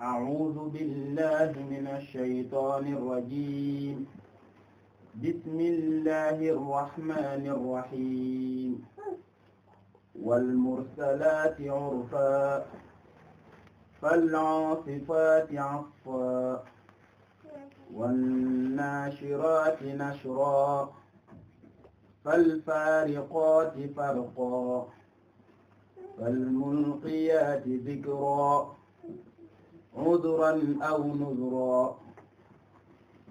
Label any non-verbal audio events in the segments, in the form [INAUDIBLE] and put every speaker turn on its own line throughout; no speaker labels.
أعوذ بالله من الشيطان الرجيم بسم الله الرحمن الرحيم والمرسلات عرفا فالعاصفات عصفا والناشرات نشرا فالفارقات فرقا فالملقيات ذكرا عذرا أو نذرا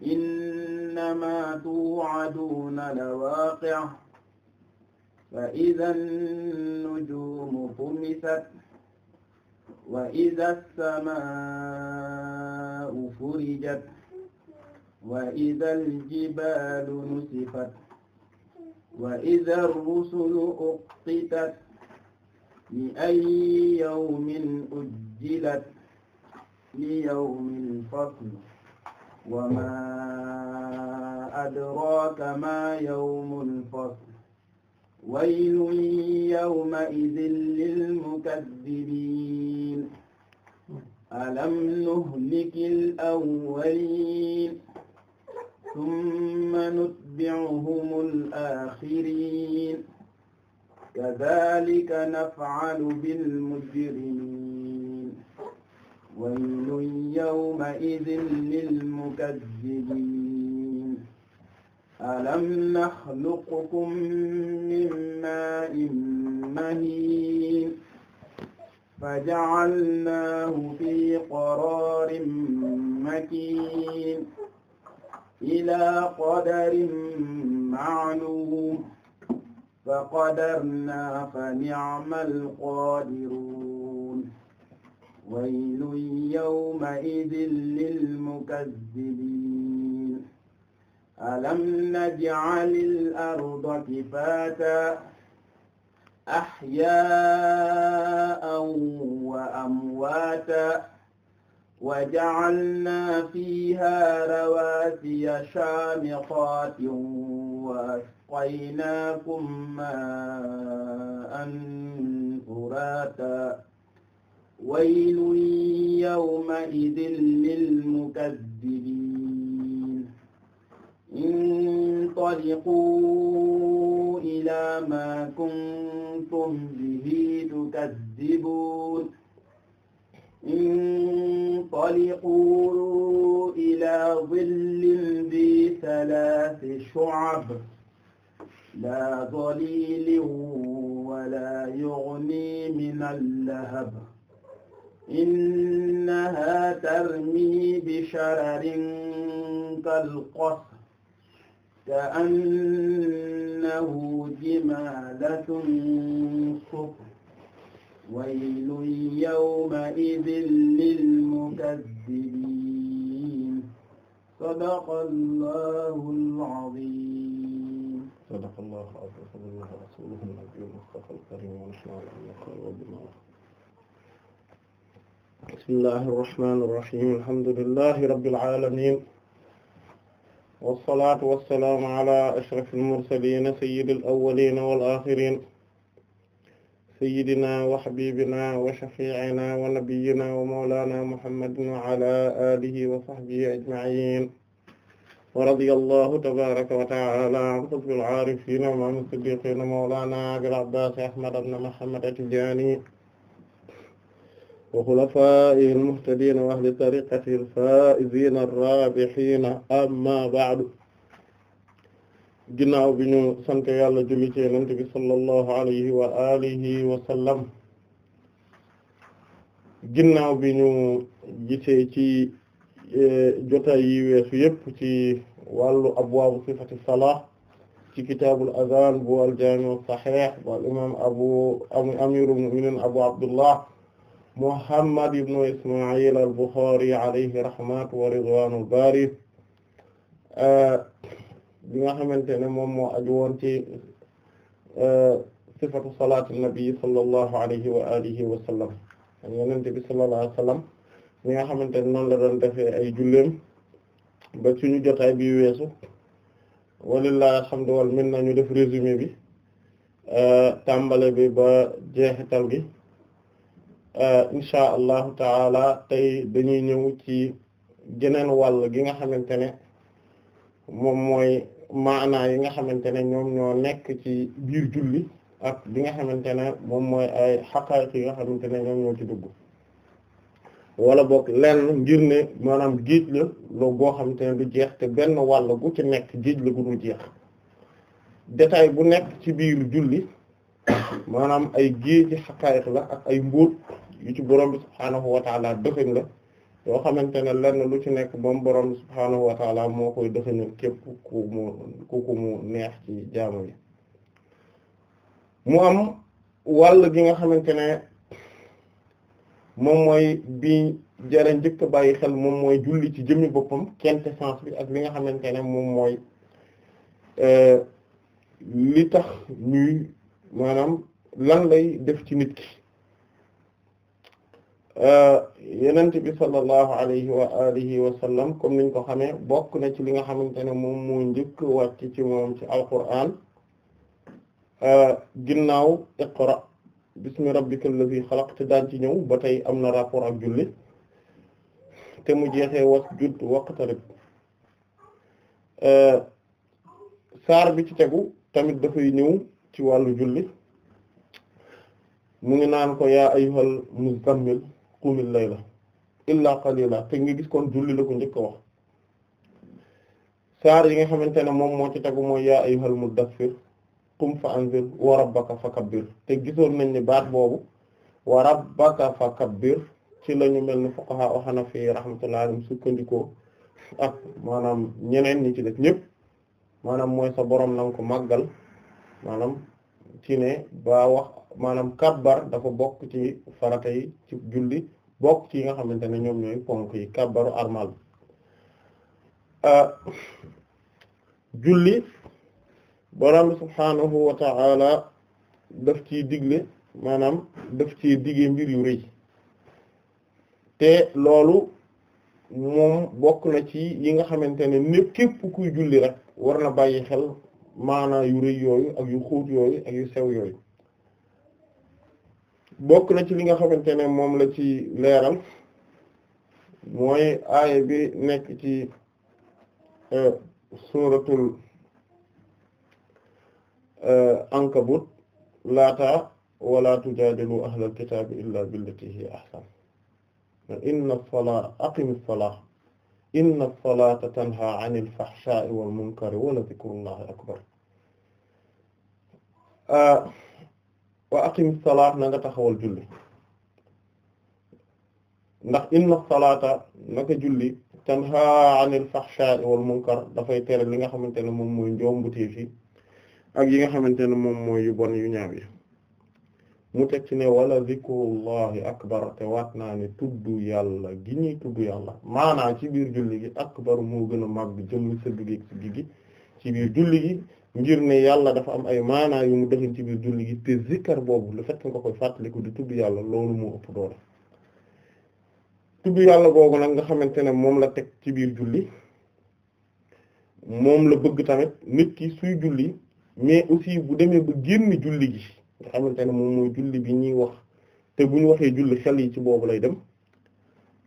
إنما توعدون لواقع فإذا النجوم طمست وإذا السماء فرجت وإذا الجبال نسفت وإذا الرسل أقتت لأي يوم أجلت ليوم الفصل وما أدراك ما يوم الفصل ويل يومئذ للمكذبين ألم نهلك الأولين ثم نتبعهم الآخرين كذلك نفعل بالمجرمين ويل يومئذ للمكذبين ألم نخلقكم من ماء مهين فجعلناه في قرار مكين إلى قدر معلوم فقدرنا فنعم القادرون ويل يومئذ للمكذبين ألم نجعل الأرض كفاتا أحياء وأمواتا وجعلنا فيها رواسي شامخات وأسقيناكم ماء فراتا ويل يومئذ للمكذبين انطلقوا إلى ما كنتم به تكذبون انطلقوا إلى ظل ذي ثلاث شعب لا ظليل ولا يغني من اللهب إنها ترمي بشرر كالقصر كأنه جمالة صفر ويل يومئذ للمكذبين صدق الله العظيم صدق الله العظيم صدق الله رسوله النبي المصطفى الكريم ونحن على أمك وبما
bismillahi irrahmani irrahim alhamdulillahi rabbil alamin wassalatu wassalaamu ala ashrafil mursalin sayyidil awwalin wal akhirin sayyidina wa habibina wa shafi'ina wa nabiyyina wa mawlana muhammadin wa ala alihi wa sahbihi ajma'in wa radiyallahu tabaraka wa ta'ala an qutbil arifin wa ma'an siddiqin mawlana abil abbas ahmad ibn muhammad at-tijani wa xulafaa'ihi al-muhtadiina wa ahli tariiqatihi al-faa'iziina ar-raabihiina amma ba'du ginnaaw bi ñu sant yàlla julli ci Yonent bi sallallahu alayhi wa alihi wa sallam ginnaaw bi ñu gisee ci e, jotaay yi weesu yépp ci wàllu abwaabu sifati salaah ci kitaabul azaan bu al-jaami' as-sahiih bu al-imaam abu amirul mu'miniin abu abdullah Muhammad ibn Isma'il al-Bukhari alayhi rahmatu wa ridwanul bari bi nga xamante ne moom moo aju woon ci sifatu salaatu nabi sallallahu alayhi wa alihi bi nga xamante ne noonu la doon defee ay julleem ba jot jotaay bi weesu walillahi alhamdu wal minna ñu def résumé bi tàmbale bi ba jeexital gi Euh, insha allahu taala tey dañuy ñëw ci geneen wàll gi nga xamante ne moom mooy maanaa yi nga xamante ne ñoom ñoo nekk ci biir julli ak li nga xamante ne moom mooy ay xaqaayiq yi nga xamante ne ñoom ñoo ci dugg wala boog lenn ngir ne maanaam géej la loo goo xamante ne du jeex te benn wàll gu ci nekk géej la gu du jeex détail bu nekk ci biir julli maanaam ay géej ci la ak ay mbóot yu ci borom bi subhaanahu wa taala la yoo xamante ne lenn lu ci nekk moom borom bi subhaanahu wa moo koy dëxëñal képp ku mu ku mu neex ci jaamu yi mu am wàll gi nga xamante ne moom mooy bi jara njëkk a bàyyi xel moom mooy julli ci jëmmi boppam quintessence bi ak li nga xamante ne moom mooy euh, li tax ñuy maanaam lan lay def ci nit ki Euh, yenent bi sallallahu alayhi wa alihi wa sallam comme niñ ko xamee bokk na ci li nga xamante ne moom mu njëkk wàcc ci moom ci alquran euh, ginnaaw iqra bismi rabbika allazi xalaq te daan ci ñëw ba tey am na rapport ak julli te mu jeexee wasjud waqtarib euh, saar bi ci tegu tamit dafay ñëw ci wàllu julli mu ngi naan ko yaa ayyuhal muzammil qumil layla illa qalila te nga gis kon julli la ko njëkk wax saar yi nga xamante ne moom moo ci tegu mooy yaa mu muddaththir qum fa anzir wa rabbaka fakabbir te gisoon nañ ni baat boobu wa rabbaka fakabbir ci lañu mel ni fuqaha wa hanafi rahmatullahi alayhim sukkandikoo ak maanaam ñeneen ñi ci def ñëpp maanaam mooy sa borom na ko màggal maanaam ci ne ba wax maanaam kabbar dafa bokk ci farata yi ci julli bokk ci yi nga xamante ne ñoom ñooy ponk yi kabbaru armal ah, julli borom subhaanahu wa ta'ala daf ciy digle maanaam daf ci digee mbir yu rëy te loolu moom bokk na ci yi nga xamante ne népp képp kuy julli rek war na bàyyi xel maanaa yu rëy yooyu ak yu xuut yooyu ak yu sew yooyu bokk na ci li nga xamante ne moom la ci leeral mooy aaya bi nekk ci euh, suuratul euh, ankabut laata wala tujaadilu ahlal kitaabi illaa billatii hiya ahsan inna as-salaata aqimi as-salaata inna as-salaata tanhaa anil fahshaa'i wal munkari wa la dhikrullaahi akbar euh, wa aqimi salaat na nga taxawal julli ndax inna salaata naka julli tanha anil fahsha'i wal munkar dafay tere li nga xamante ne moom mooy njombuteef yi ak yi nga xamante ne moom mooy yu bon yu ñaaw yi mu teg ci ne wala zikrullahi akbar te waat naa ne tudd yàlla gi ñuy tudd yàlla maanaa ci biir julli gi akbar moo gën a màgg jëmmi sa dugeg si gi ci biir julli gi ngir ne yàlla dafa am ay maanaa yu mu defal ci biir julli gi te zikkar boobu lu fekk nga koy fàttaliku di tudd yàlla loolu moo ëpp doole tudd yàlla boobu nag nga xamante ne moom la teg ci biir julli moom la bëgg tamit nit ki suy julli mais aussi bu demee ba génn julli gi nga xamante ne moom mooy julli bi ñuy wax te bu ñu waxee julli xel yi ci boobu lay dem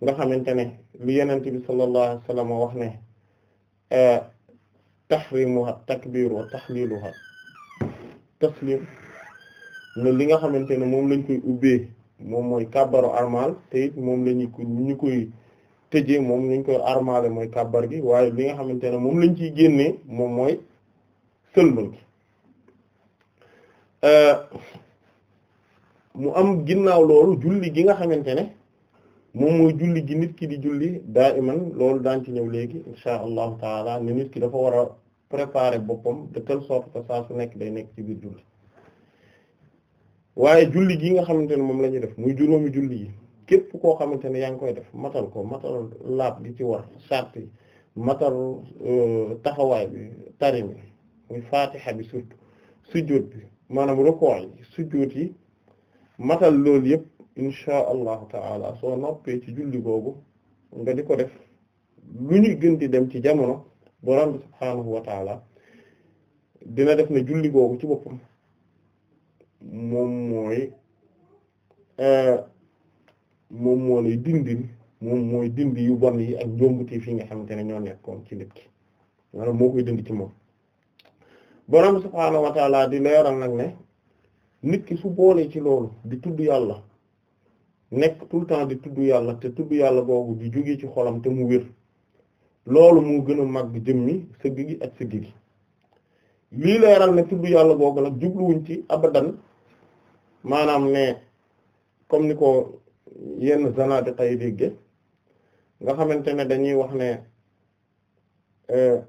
nga xamante ne lu yenente bi sallallahu wax ne euh, tahrimuha takk wa tahliluha taslim ne li nga xamante ne moom lañ koy ubbee moom mooy kàbbaru armal te moom lañu ñu ñu koy tëjee moom lañ koy armale mooy kàbbar gi waaye li nga xamante ne moom lañ ci génnee moom mooy sëlmal gi euh, mu am ginnaaw loolu julli gi nga xamante ne moom mooy julli gi nit ki di julli daa iman loolu daan ci ñëw léegi insha allahu taala ne nit ki dafa war a préparer boppam de telle sorte que su nekk day nekk ci biir julli waaye julli gi nga xamante ne moom la def muy juróomi julli yi képp koo xamante ne yaa ngi koy def matal ko matal laab gi ci war sart yi matal euh, taxawaay bi tari bi muy faatixa bi surtout sujjóot bi maanaam rukuu yi sujjóot yi matal loolu yëpp insha allahu taala soo noppee ci julli googu nga di ko def lu ñuy gën di dem ci jamono borom bi subhaanahu wa taala dina def na julli googu ci boppam moom mooy euh, moom moo lay dindi moom mooy dindi yu bon yi ak njombuti fi nga xamante ne ñoo nekkoon ci nit ki maanaam moo koy dindi ci moom borom bi subhaanahu wa di leeral nag ne nit ki su boolee ci loolu di tudd yàlla nekk tout le temps di tudd yàlla te tudd yàlla googu di jógee ci xolam te mu wér loolu moo gën a màgg jëmmi sëgg gi ak sëgg gi lii leeral ne tudd yàlla googu nag jubluwuñ ci abadan maanaam ne comme ni ko yenn zanadiqa yi dégge nga xamante ne dañuy wax ne euh,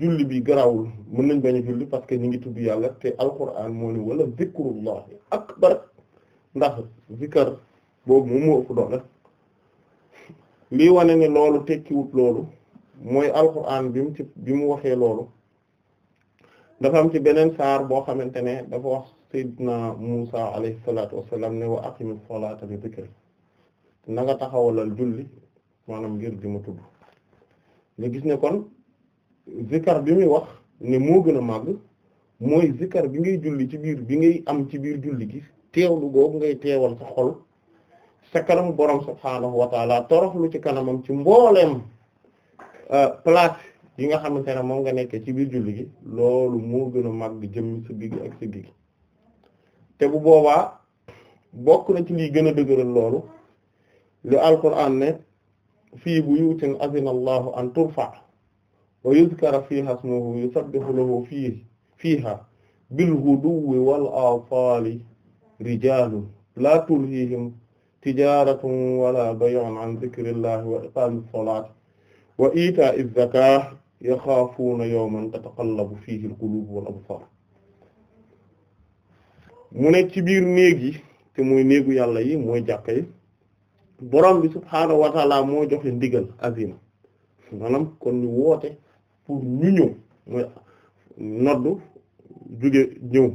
julli bi garawul mën nañ bañ a julli parce que ñu ngi tudd yàlla te alquran moo ni wala zikrullah akbar ndax zikar boobu moom moo ëpp doole lii wane ne loolu tekkiwut loolu mooy alquran bi mu ci bi mu waxee loolu dafa am ci beneen saar boo xamante ne dafa wax na Musa alayhi salaatu wassalaam ne wa aqimis salaata li zikri na nga julli maanaam ngir di ma tudd nga gis ne kon zikar bi muy wax ne moo gën a màgg mooy zikar bi ngay julli ci biir bi ngay am ci biir julli gi teewlu googu ngay teewal sa xol sa kanamu borom subhaanahu wa taala toroxlu ci kanamam ci mbooleem euh, place yi nga xam ne moom nga nekkee ci biir julli gi loolu mu gën a màgg jëmm siggi gi ak siggi te bu boobaa bokk na ci liy gën a dëgëral loolu lu alquran ne fii buyutin azina allahu an turfa wa yuzkara fiha ismuhu yusabbihu lahu fii fiiha bil huduwi wal asaali rijalun la tulhihim tijaratun wala bay'un an dhikrillahi wa wa ita'iz al-quluub wal absaar mu ne ci biir néeg yi te mooy néegu yàlla yi mooy jàkka yi borom bi subhaanahu wa taala moo joxe ndigal azina maanaam kon woote pour ñu ñëw mooy noddu jóge ñëw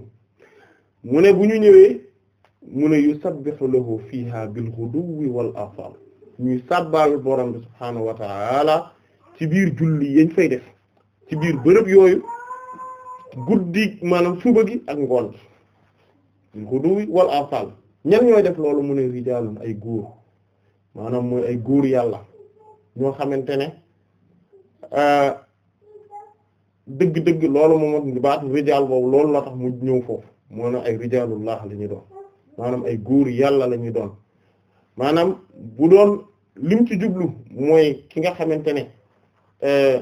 bu ñu ñëwee mu ne yusabbihu lahu fiha bil ghuduwwi wal asal ñuy sàbbaal borom bi subhaanahu wa ta'ala ci biir julli yañ fay def ci biir bërëb yooyu guddi maanaam suba gi ak ngoon bil ghuduwwi wal asal ñan ñooy def loolu mu ne rijaalun ay góor maanam mooy ay góor yàlla ñoo xamante ne euh, dëgg-dëgg loolu moom baatu rijaal boobu loolu la tax mu ñëw foofu moo ne ay rijaalullah la ñu doon maanaam ay góor yàlla lañuy doon maanaam bu doon lim ci jublu mooy ki nga xamante ne euh,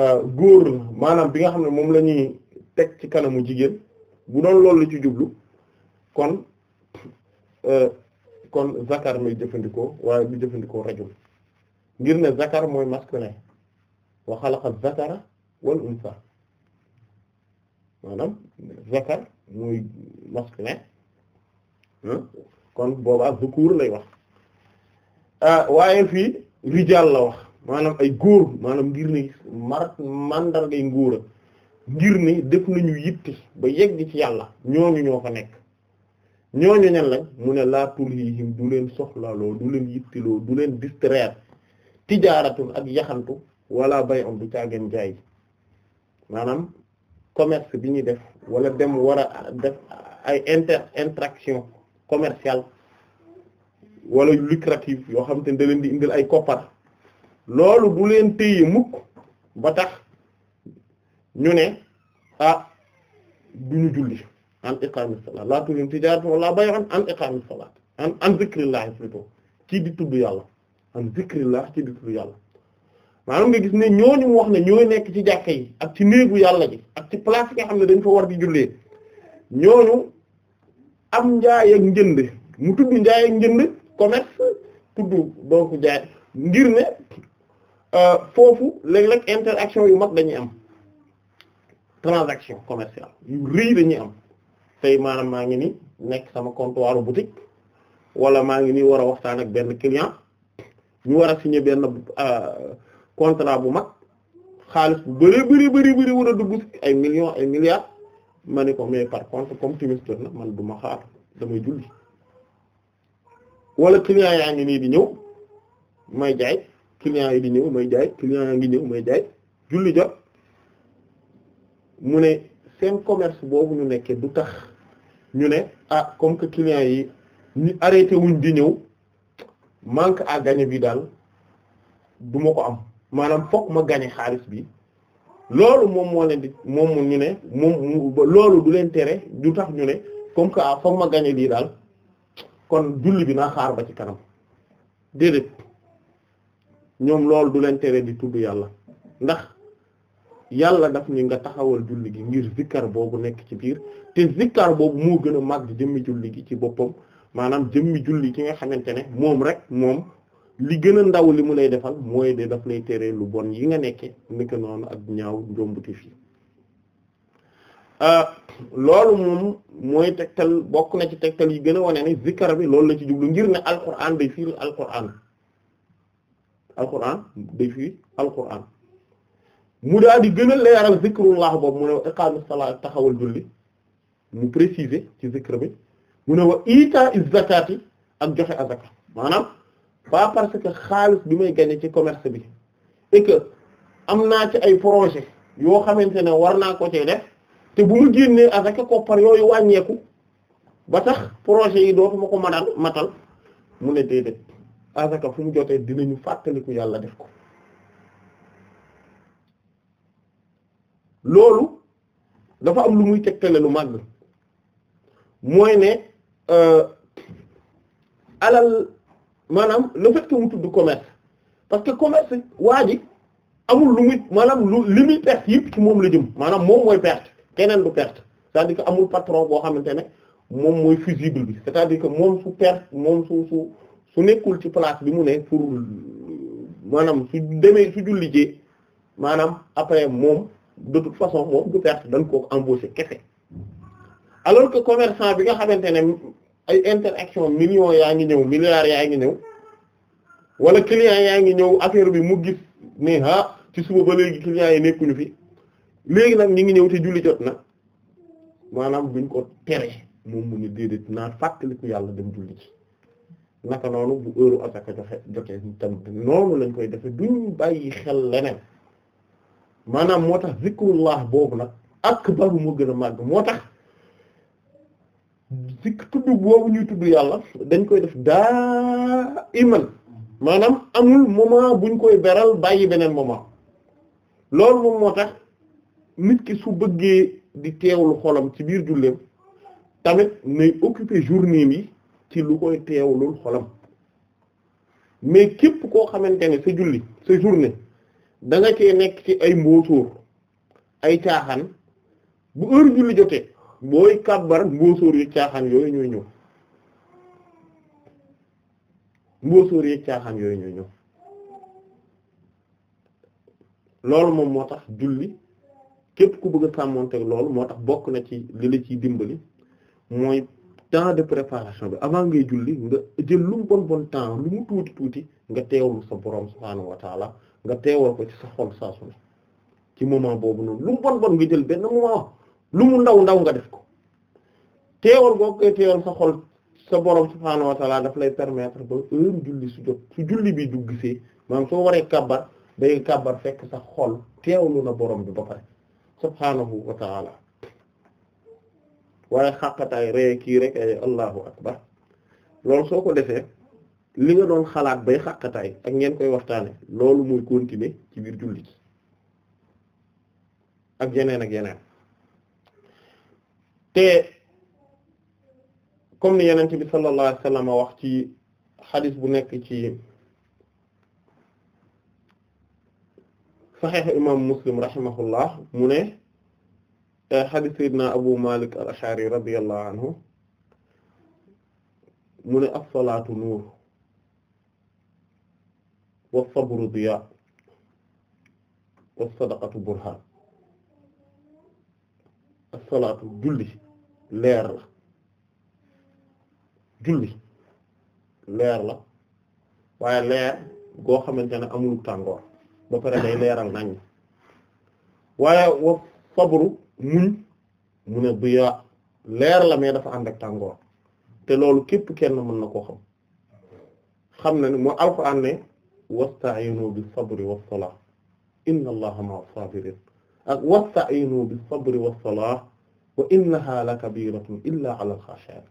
euh, góor maanaam bi nga xam ne moom lañuy teg ci kanamu jigéen bu doon loolu la ci jublu kon euh, kon zakar may jëfandikoo waaye bu jëfandikoo rajul ngir ne zakar mooy masculin wa xalaqa zakara wal unsa maanaam zakar mooy masculin kon boobaa zukur lay wax ah, waaye fii rijal la wax maanaam ay góor maanaam ngir ni mar mandargay ngóora ngir ni def nañu yitti ba yegg ci yàlla ñoo ñooñu ñoo fa nekk ñooñu ñan lañ mu ne laa tulhihim du leen soxlaaloo du leen yittiloo du leen distraire tijaaratun ak yaxantu wala bay on du caageen jaay maanaam commerce bi ñuy def walla dem war a def ay inter intraction commercial wala lucrative yoo xam te ne da leen di indil ay koppar loolu du leen téye mukk ba tax ñu ne ah du ñu julli an iqamis salat laa turim tijaaratan wala bay'an an iqamis salat an an zikrillah plutôt ci di tudd yàlla an zikrillah ci di tudd yàlla maanaam nga gis ne ñooñu wax ne ñooy nekk ci jàkka yi ak ci néegu yàlla ji ak ci place yi nga xam ne dañ fa war di jullee ñooñu am njaay ak njënd mu tudd njaay ak njënd commerce tudd donc jaay ngir ne euh, foofu léeg-léeg interaction yu mag dañuy am transaction commerciale yu rëy dañuy am tey maanaam maa ngi nii nekk sama comptoir boutique wala maa ngi nii war a waxtaan ak benn client ñu war a signer benn euh, contrat bu mag xaalis bu bari bari bari bari war a dugg ci ay million ay milliards ma ni ko mais par contre comme timis na man du ma xaar damay julli wala client yaa ngi nii di ñëw may jaay client yi di ñëw may jaay client yaa ngi ñëw may jaay julli jot mu ne seen commerce boobu ñu nekkee du tax ñu ne ah comme que client yi ni arrêté wuñ di ñëw manque à gagner bi daal du ko am maanaam fokk ma gagner xaalis bi loolu moom moo leen di moom ñu ne moom loolu du leen tere du tax ñu ne comme que ah ma gañe lii daal kon julli bi naa xaar ba ci kanam déedéet ñoom loolu du leen tere di tub yàlla ndax yàlla daf ni nga taxawal julli gi ngir zikkar boobu nekk ci biir te zikkar boobu moo gën a màgg jëmmi julli gi ci boppam maanaam jëmmi julli ki nga xamante ne moom rek moom li gën a ndaw li mu lay defal mooy de daf lay tere lu bon yi nga nekke naka noonu ak ñaaw njombutif yi euh, loolu moom mooy tegtal bokk na ci tegtal yi gën a wane ne zikkar bi loolu la ci jublu ngir ne alquran day firi alquran alquran day firi alquran mu daal di gën a leeral zikrullah boobu mu ne wa iqamu taxawal julli mu préciser ci zikr bi mu ne wa ita iz zakati ak joxe azaka maanaam pas parce que xaalis bi may gagner ci commerce bi et am naa ci ay projet yoo xamante ne war naa ko ci def te bu mu génnee avec koppar yooyu wàññeeku ba tax projet yi ma ko matal matal mu ne déedéet asaka fu mu jotee dinañu fàttaliku yàlla def ko loolu dafa am lu muy tegtale lu màgg mooy ne euh, alal maanaam le fait que mu tudd commerce parce que commerce waa ji amul lu muy maanaam lu li muy perte yëpp ci moom la jëm maanaam moom mooy perte keneen du perte c'est-à-dire que amul patron boo xamante ne moom mooy fusible bi c'est-à-dire que moom su perte moom su su su nekkul ci place bi mu ne pour maanaam su demee su julli jee maanaam après moom de toute façon moom du perte dañ koo embaucher kese alors que commerçant bi nga xamante ne ay interaction millions yaa ngi ñëw milliards yaa ngi ñëw wala client yaa ngi ñëw affaire bi mu gis ne ah ci suba ba léegi clients yi nekkuñu fi léegi nag ñu ngi ñëw te julli jot na maanaam buñ ko tere moom mu ñu déedéet naa fàttaliku yàlla dem julli ci naka noonu bu heure asaka joxe joxe tam noonu lañ koy defe duñ bàyyi xel leneen maanaam moo tax zikrullah boobu nag akbaru moo gën a màgg moo tax si tudd boobu ñuy tudd yàlla dañ koy def daa iman maanaam amul moment buñ koy beral bàyyi beneen moment loolu moom moo tax nit ki su bëggee di teewlu xolam ci biir julleem tamit nay occuper journée bi ci lu koy teewlul xolam mais képp koo xamante ne sa julli sa journée da nga cee nekk ci ay mbóosóor ay caaxaan bu heure julli jotee booy kàbbar mboosóor yi caaxaan yooyu ñooy ñëw mboosóor yi yooyu ñooy ñëw loolu moom moo tax julli képp ku bëgg a teg loolu moo tax bokk na ci li la ciy dimbali mooy temps de préparation bi avant ngay julli nga jël lu bon bon temps lu mu tuuti tuuti nga teewlu sa borom subhaanahu wa nga teewal ko ci sa xol saa su ne ci moment boobu noonu lu bon bon nga jël benn moment lu mu ndaw ndaw nga def ko teewal boo koy teewal sa xol sa borom subhaanahu wa daf lay permettre ba heure julli su jot su julli bi du gisee maanaam soo waree kàbbar day kàbbar fekk sa xol teewlu na borom bi ba pare subhaanahu wa ta'ala waaye xàqataay ree kii rek ay allahu akbar loolu soo ko defee li nga doon xalaat bay xàqataay ak ngeen koy waxtaane loolu muy continuer ci biir julli ak yeneen ak yeneen te comme ni yenente bi sallallahu alayhi wasallam wax ci xadis bu nekk ci saxeexu imam muslim rahimahullah mu ne xadis sayyidina abu malik al ashari radiyallahu anhu mu ne as-salaatu nuur was-sabru diyaa was-sadaqatu burhaan as-salaatu julli leer julli leer la waaye leer goo xamante ne amul tàngoor ba pare day leeral nañ waaye wa sabru muñ mu ne duyaa leer la mais dafa ànd ak tàngoor te loolu képp kenn mën na koo xam xam na ne moo alxuraan ne wasta'inu bis sabri was salah inna allaha ma'as sabirin ak wasta'inu bis sabri was salah wa innaha la kabiratun illa al-khashi'in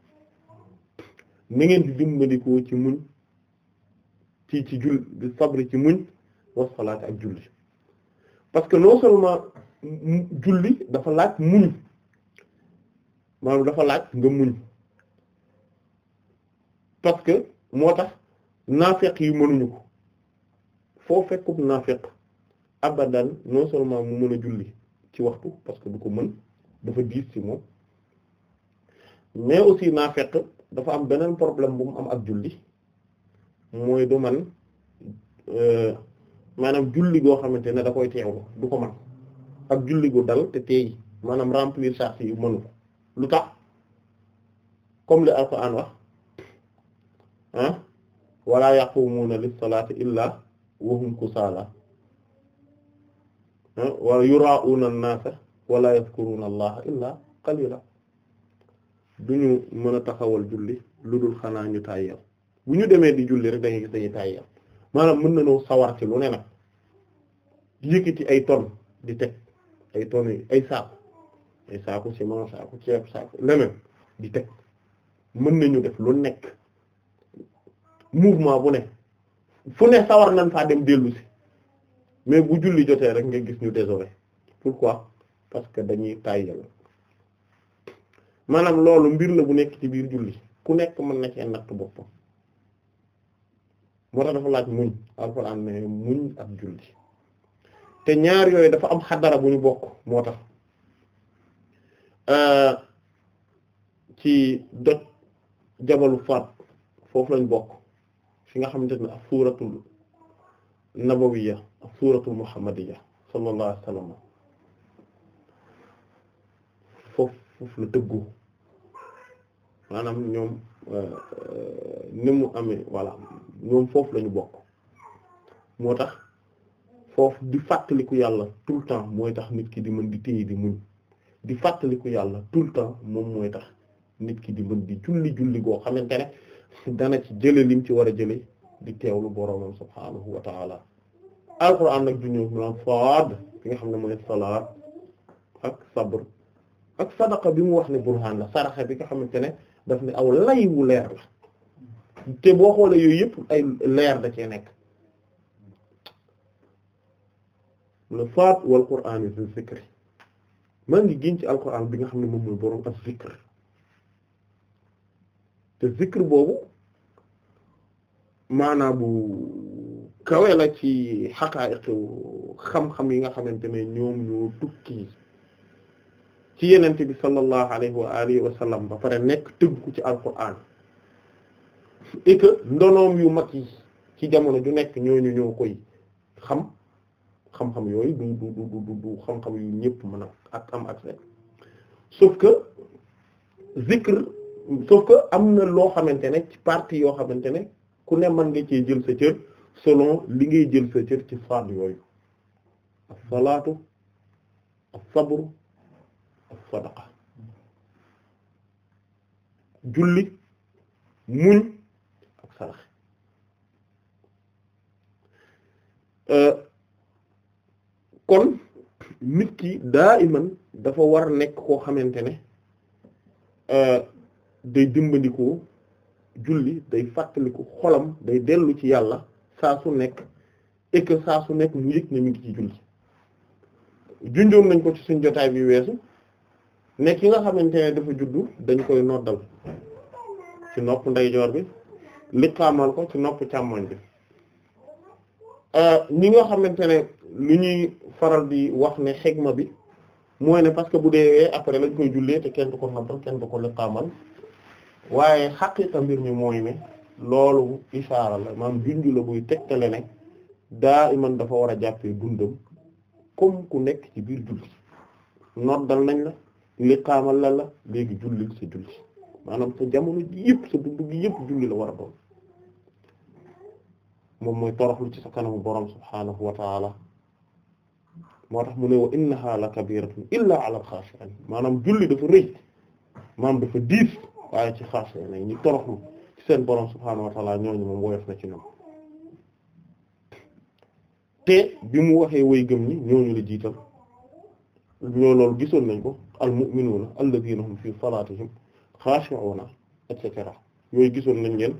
na di dimbandikoo ci muñ ci ci jul bi ci muñ wa salaat ak julli parce que non seulement julli dafa laaj muñ maanaam dafa laaj nga muñ parce que moo tax naafeq yi mënuñu ko foo fekkub naafeq abadan non seulement mu mën a julli ci waxtu parce que du ko mën dafa diis ci moom mais aussi naafeq dafa am beneen problème bu mu am ak julli mooy du man euh, maanaam julli goo xamante ne da koy teewlu du ko man ak julli gu dal te teey maanaam remplir charge yu mënu lu tax comme li alquran wax ah wala yaqumuuna lis-salaati illaa wa hum kusaala wala yuraa'uuna an-naasa wala yadhkuruna allaha illa qalila ñu mën a taxawal julli lu dul xanaa ñu tàyyeel bu ñu demee di julli rek da ngay gis dañuy tàyyeel maanaam mën nañoo sawar ci lu ne nag yëkkati ay tonnes di teg ay tonnes yi ay saaku ay saaku ciment saaku ceeb saaku leneen di teg mën nañu def lu nekk mouvement bu ne fu ne sawar nañ faa dem dellu mais bu julli jotee rek nga gis ñu désolé pourquoi parce que dañuy tàyyal maanaam loolu mbir la bu nekk ci biir julli ku nekk mën na cee natt boppam moo tax dafa laaj muñ alxuraan ak julli te ñaar yooyu dafa am xadara bu ñu bokk moo tax euh, ci doj jabalu faat foofu lañ bokk fi nga xamante ne ak suuratul nabawiyya ak suuratul muhammadiyya sallallahu alayhi wa foofu la dëggu maanaam ñoom euh, euh, ni mu amee voilà ñoom foofu lañu bokk moo tax foofu di fàttaliku yàlla tout le temps mooy tax nit ki di mën di téye di muñ di yàlla tout le temps moom mooy tax nit ki di mën di julli julli goo xamante ne dana ci jële lim ci war a jële di teewlu lu subhaanahu wa taala alquran nag du ñëw maanaam faad bi nga xam ne mooy salaat ak sabr ak sadaqa bi mu wax ne burhan la saraxa bi nga xamante ne daf ne aw lay wu leer la te boo xoolee yooyu yëpp ay leer da cee nekk le faat wal qur'an yi zikri maa ngi giñ ci alquran bi nga xam ne moom mooy boroom ak zikr te zikr boobu maanaam bu kawe la ci xaqaa'iq xam-xam yi nga xamante ne ñoom ñoo tukki ci yenente bi sallallahu alayhi wa alihi wa sallam ba pare nekk tëggu ci alquran et que ndonoom yu mag yi ci jamono ju nekk ñooñu ñoo koy xam xam-xam yooyu du du du du xam-xam yu ñëpp mën a ak am accès sauf que zikr sauf que am na loo xamante ne ci partie yoo xamante ne ku ne mën nga cee jël sa cër selon li ngay jël sa cër ci fadd yooyu as-salaatu as-sabru sadaqa julli muñ ak sarax euh, kon nit ki daa iman dafa war nekk koo xamante ne euh, day dimbandikoo julli day fàttaliku xolam day dellu ci yàlla saa su nekk et que saa su nekk mu yëg ne mi ngi ci julli junjoom nañ ko ci suñ jotaay bi weesu ne ki nga xamante ne dafa juddu dañ koy noddal ci nopp ndeyjoor bi liqaamal ko ci nopp càmmoñ bi euh, ñi nga xamante ne lu ñuy faral di wax ne xegma bi mooy ne parce que bu deewee après lañ koy jullee te kenn du ko noddal kenn du ko liqaamal waaye xaqiiqa mbir mi mooy ne loolu isaara la maanaam junj la buy tegtale ne daa iman dafa war a jàppee dundam comme ku nekk ci biir julli noddal nañ la li xaamal la la léegi julli sa julli maanaam sa jamono ji yëpp sa dund gi yëpp julli la war a doon moom mooy toroxlu ci sa kanamu borom subhaanahu wa taala moo tax mu ne wa innaha la kabiratun illa ala alxaashi'in maanaam julli dafa rëy maanaam dafa diis waaye ci xaashi'in nag ñi toroxlu ci seen borom subhaanahu wa taala ñooñu moom woyof na ci ñoom te bi mu waxee way gëm ñi ñooñu la jiital loolu gisoon nañ ko al mu'minuuna alladhiina hum fi salaatihim xaashi'uuna et cetera yooyu gisoon nañ leen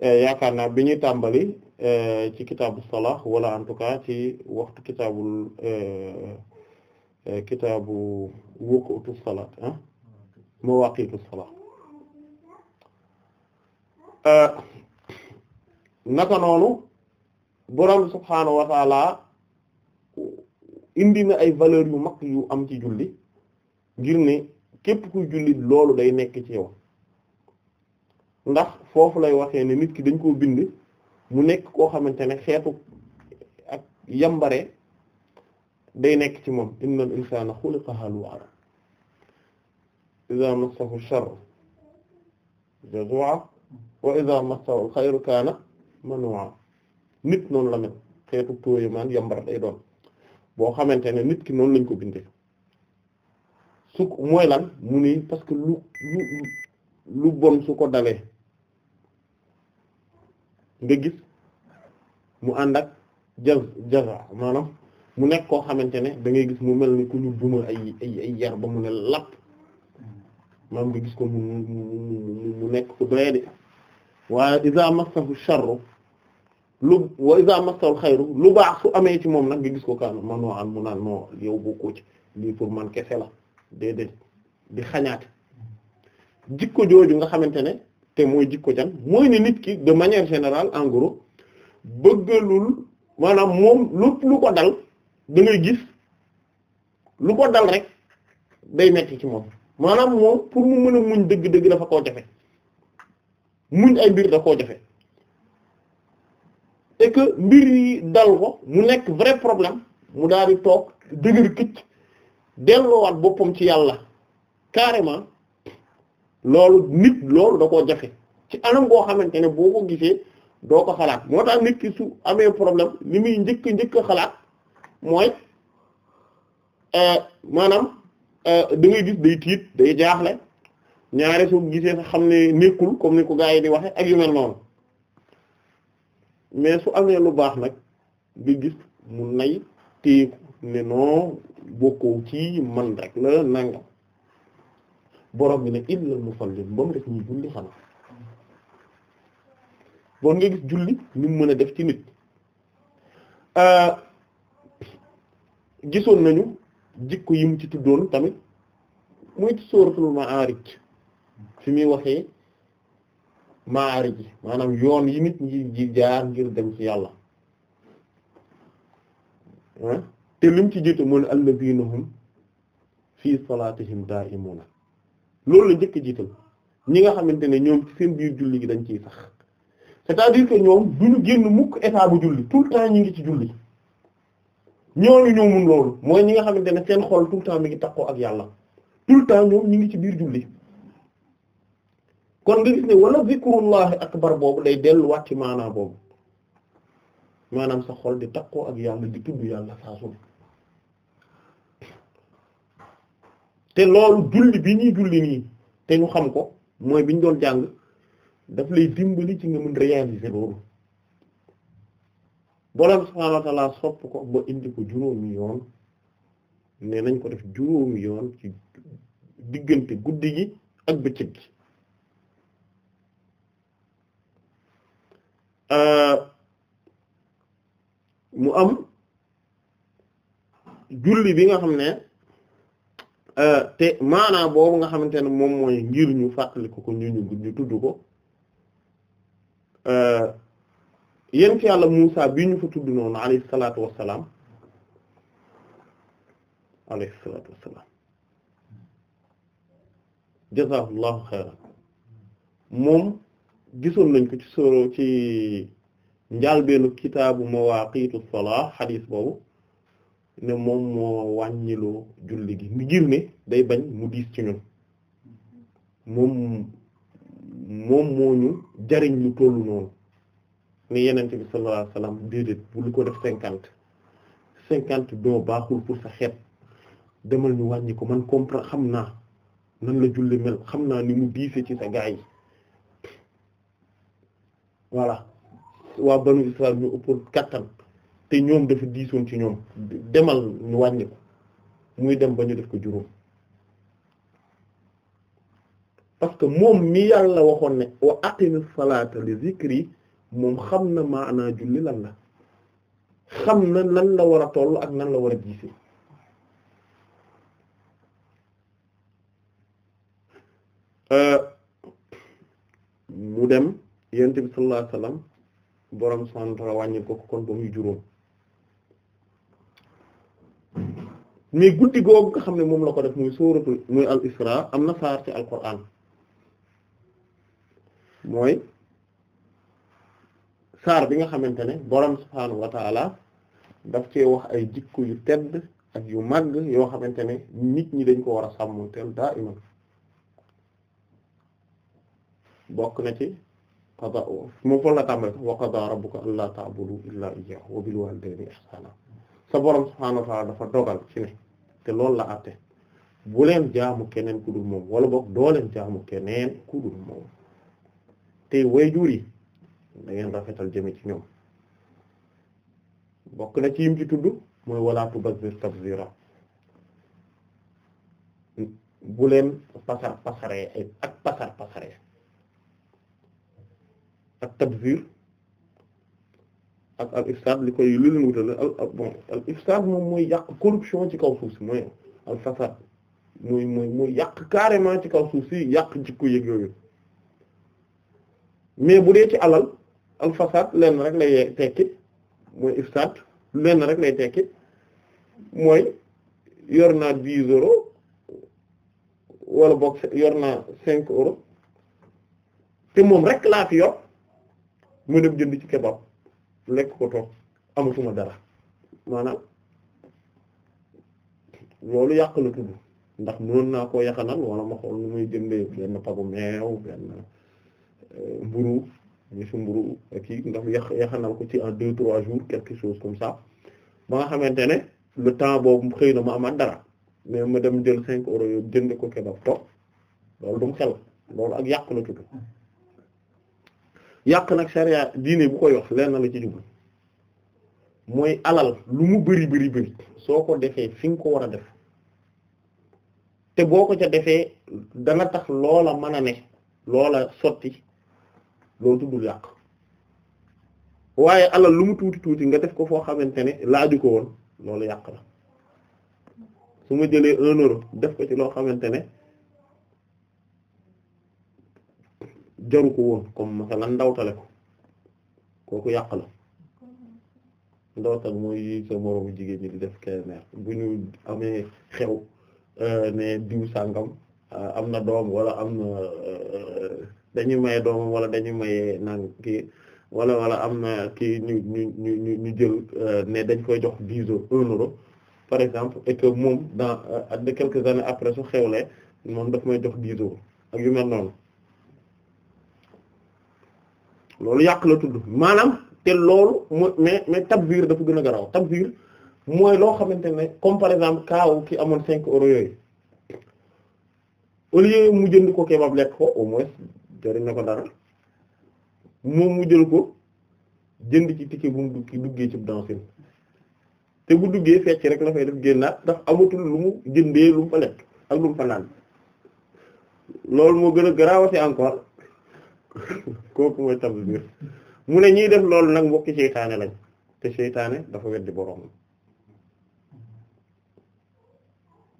eh, yaakaar naa bi ñuy tàmbali eh, ci kitaabu salaah wala en tout cas ci waxtu kitaabul eh, kitaabu wuqutu salaat ah mawaaqitu naka noonu borom subhaanahu wa indi na ay valeur yu mag yu am ci julli ngir ne képp kuy julli loolu day nekk ci yow ndax foofu lay waxee ne nit ki dañ koo bind mu nekk koo xamante ne xeetu ak yambare day nekk ci moom innal insana xuliqa halu'a idha massahu sharru jazua wa idha massahu alxayru kaana manua nit noonu la mel xeetu tooyamaan yambar day doon boo xamante ne nit ki noonu lañ ko bindee su mooy lan mu ni parce que lu lu lu bon su ko dalee nga gis mu ànd ak jaz jaza mu nekk koo xamante ne da gis mu mel ni ku ñu duma ay yar ba mu ne lapp maanaam nga gis ko mu mu mu nekk ku doyadi waaye iza massahu sharru lu wa iza masal xayru lu baax su amee ci moom nag nga gis ko kaan manoo an mu naan moo yow bokkoo ci lii pour man kese la déedéet di xañaate jikko jooju nga xamante ne te mooy jikko jan mooy ne nit ki de manière général en gros bëggalul maanaam moom lu lu ko dal da gis lu ko dal rek day metti ci moom maanaam moom pour mu mën a muñ dëgg-dëgg dafa koo jafe muñ ay mbir da koo jafe et que mbir yi dal ko mu nekk vrai problème mu daal di toog dëgër delloo delloowaat boppam ci yàlla carrément loolu nit loolu da ko jafe ci anam goo xamante ne boo ko gisee doo ko xalaat moo tax nit su amee problème li muy njëkk njëkk xalaat mooy euh, maanaam euh, da ngay gis day tiit day jaaxle ñaare soo gisee sax xam ne nekkul comme ni ko gaa yi di waxe ak yu noonu mais su amee lu baax nag bi gis mu nay téye ne non bokkoo ci man rek la nangam borom bi ne illal musallin ba mu def ñu julli xanaa bon nga gis julli ni mu mën a def ci nit ah, gisoon nañu jikko yi mu ci tuddoon tamit mooy ci suratul ma'arij fi muy waxee maarij ji maanaam yoon yi nit ñi di jaar ngir dem ci yàlla te lim ci jiitu mooy alladhina hum fi salatihim na loolu la njëkk jiital ñi nga xamante ne ñoom ci seen biir julli gi dañ ciy sax c'est-à-dire que ñoom duñu génn mukk état bu julli tout le temps ñi ngi ci julli ñooñu ñoo mun loolu mooy ñi nga xamante ne seen xol tout temps mi ngi takkoo ak yàlla tout le temps ñoom ñi ngi ci biir julli kon nga gis ne wala zikrullahi akbar boobu lay delluwaat ci maanaam boobu maanaam sa xol di takkoo ak yàlla di tudd yàlla saa su te loolu julli bi ñuy julli nii te ñu xam ko mooy bi ñu doon jàng daf lay dimbali ci nga mën réaliser loolu borom subhaanahu sopp ko ba indi ko juróomi yoon ne nañ ko def juróomi yoon ci diggante guddi gi ak bëccëg gi Euh, mu am julli bi nga xam ne euh, te maanaam boobu nga xamante ne moom mooy ngir ñu fàttali ko ko ñu ñu tudd ko euh, yéen ci yàlla Muusaa bi ñu fa tudd noonu alayhi salaatu wassalaam alayhi salaatu wassalaam jazaahullahu moom gisoon nañ ko ci soro ci njàlbeenu kitaabu mawaaqiitu salaa xadiis boobu ne moom moo wàññiloo julli gi ngir ne day bañ mu diis ci ñun moom moom moo ñu jariñ lu tollu noonu ne yeneen bi sallallahu alayhi wasallam déedéet bu lu ko def cinquante cinquante doo baaxul pour sa xeet demal ñu wàññi ko man comprendre xam naa nan la julli mel xam naa ni mu diise ci sa gaa yi voilà waa banu Israël ñu ëppoon kattan te ñoom dafa diisoon ci ñoom demal ñu wàññi ko muy dem ba ñu def ko juróom parce que moom mi yàlla waxoon ne wa aqimi salata li zikri moom xam na maanaa julli lan la xam na nan la war a toll ak nan la war a diisee euh, mu dem yente bi sallallahu alayhi wasallam borom subhanahu wa ta'ala ko kon ba muy juróom mais guddi googu nga xam ne moom la ko def muy sóoratu muy al isra am na saar ci alquran mooy saar bi nga xamante ne borom subhanahu wa ta'ala daf cee wax ay jikko yu tedd ak yu màgg yoo xamante ne nit ñi dañ ko war a sàmmonteel daa iman bokk na ci qada moom foofu la tàmbale sax wa qada rabbuka allaa ta'budu illaa iyyaahu wa bil waalidayni ihsaana sa borom subhaanahu wa ta'aala dafa dogal ci ne te loolu la àtte bu leen jaamu keneen ku dul moom wala boog doo leen jaamu keneen ku dul moom te waajur yi da ngeen rafetal jëme ci ñoom bokk na ci yim ci tudd mooy wala tubazzir tabzira bu leen pasar pasaree ak pasar pasaree ak tabzir ak al ifsad li koy li leen wutale al bon al ifsad moom mooy yàq corruption ci kaw suuf mooy al fasad mooy mooy yàq carrément ci kaw suuf si yàq jikko yëg yooyu mais bu dee ci alal al fasad lenn rek lay tekki mooy ifsad lenn rek lay tekki mooy yor naa dix euros wala boog yor na cinq euros te moom rek laa fi yor ma dem jënd ci kebab lekk ko toog amatuma dara maanaam loolu yàq la tudd ndax mënoon naa koo yaxanal wala ma xool nu muy jëndee benn pagu meew benn euh, mburu ñu su mburu kii ndax yàq yaxanal ko ci en deux trois jours quelque chose comme ça ba nga xamante ne le temps boobu xëy na ma amaat dara mais ma dem jël cinq euros yooyu jënd ko kebab toog loolu du mu xel loolu ak yàq la tudd yàq nag sharia diine bu koy wax lenn la ci jublu mooy alal lu mu bari bari bari soo ko defee fi nga ko war a def te boo ko ca defee dana tax loola mën a ne loola sotti loolu tuddul yàq waaye alal lu mu tuuti tuuti nga def ko foo xamante ne laaju ko woon loolu yàq la su ma jëlee un euro def ko ci loo xamante ne jaru ko woon comme masalan ndawtale ko kooku yàq la ndawtal mooy sa moromu jigéen ñi di def KMR bu ñu amee xew euh, ne diw sàngam euh, am na doom wala am na euh, dañuy maye doomam wala dañuy maye naan kii wala wala am na kii ñu ñu ñu ñu jël ne dañ koy jox dix euros un euro par exemple et que moom dans de quelques années après su le moom daf may jox dix ak yu mel noonu. loolu yàq tudd maanaam te loolu mu mais mais tabzir dafa gën a garaw garaaw tabzir mooy loo xamante ne comme par exemple kaaw ki amoon cinq euros yooyu au lieu mu jënd ko kebab lekk ko au moins jariñ na ko dara moom mu jël ko jënd ci ticket bu mu duggee ci dancing te bu duggee fecc rek la fay def génnaat ndax amatul lu mu jëndee lu mu fa lekk ak lu fa naan loolu moo gën a garaawati encore kooku mooy tabzir mu ne ñiy def loolu nag mbokki seytaane lañ te seytaane dafa weddi boroom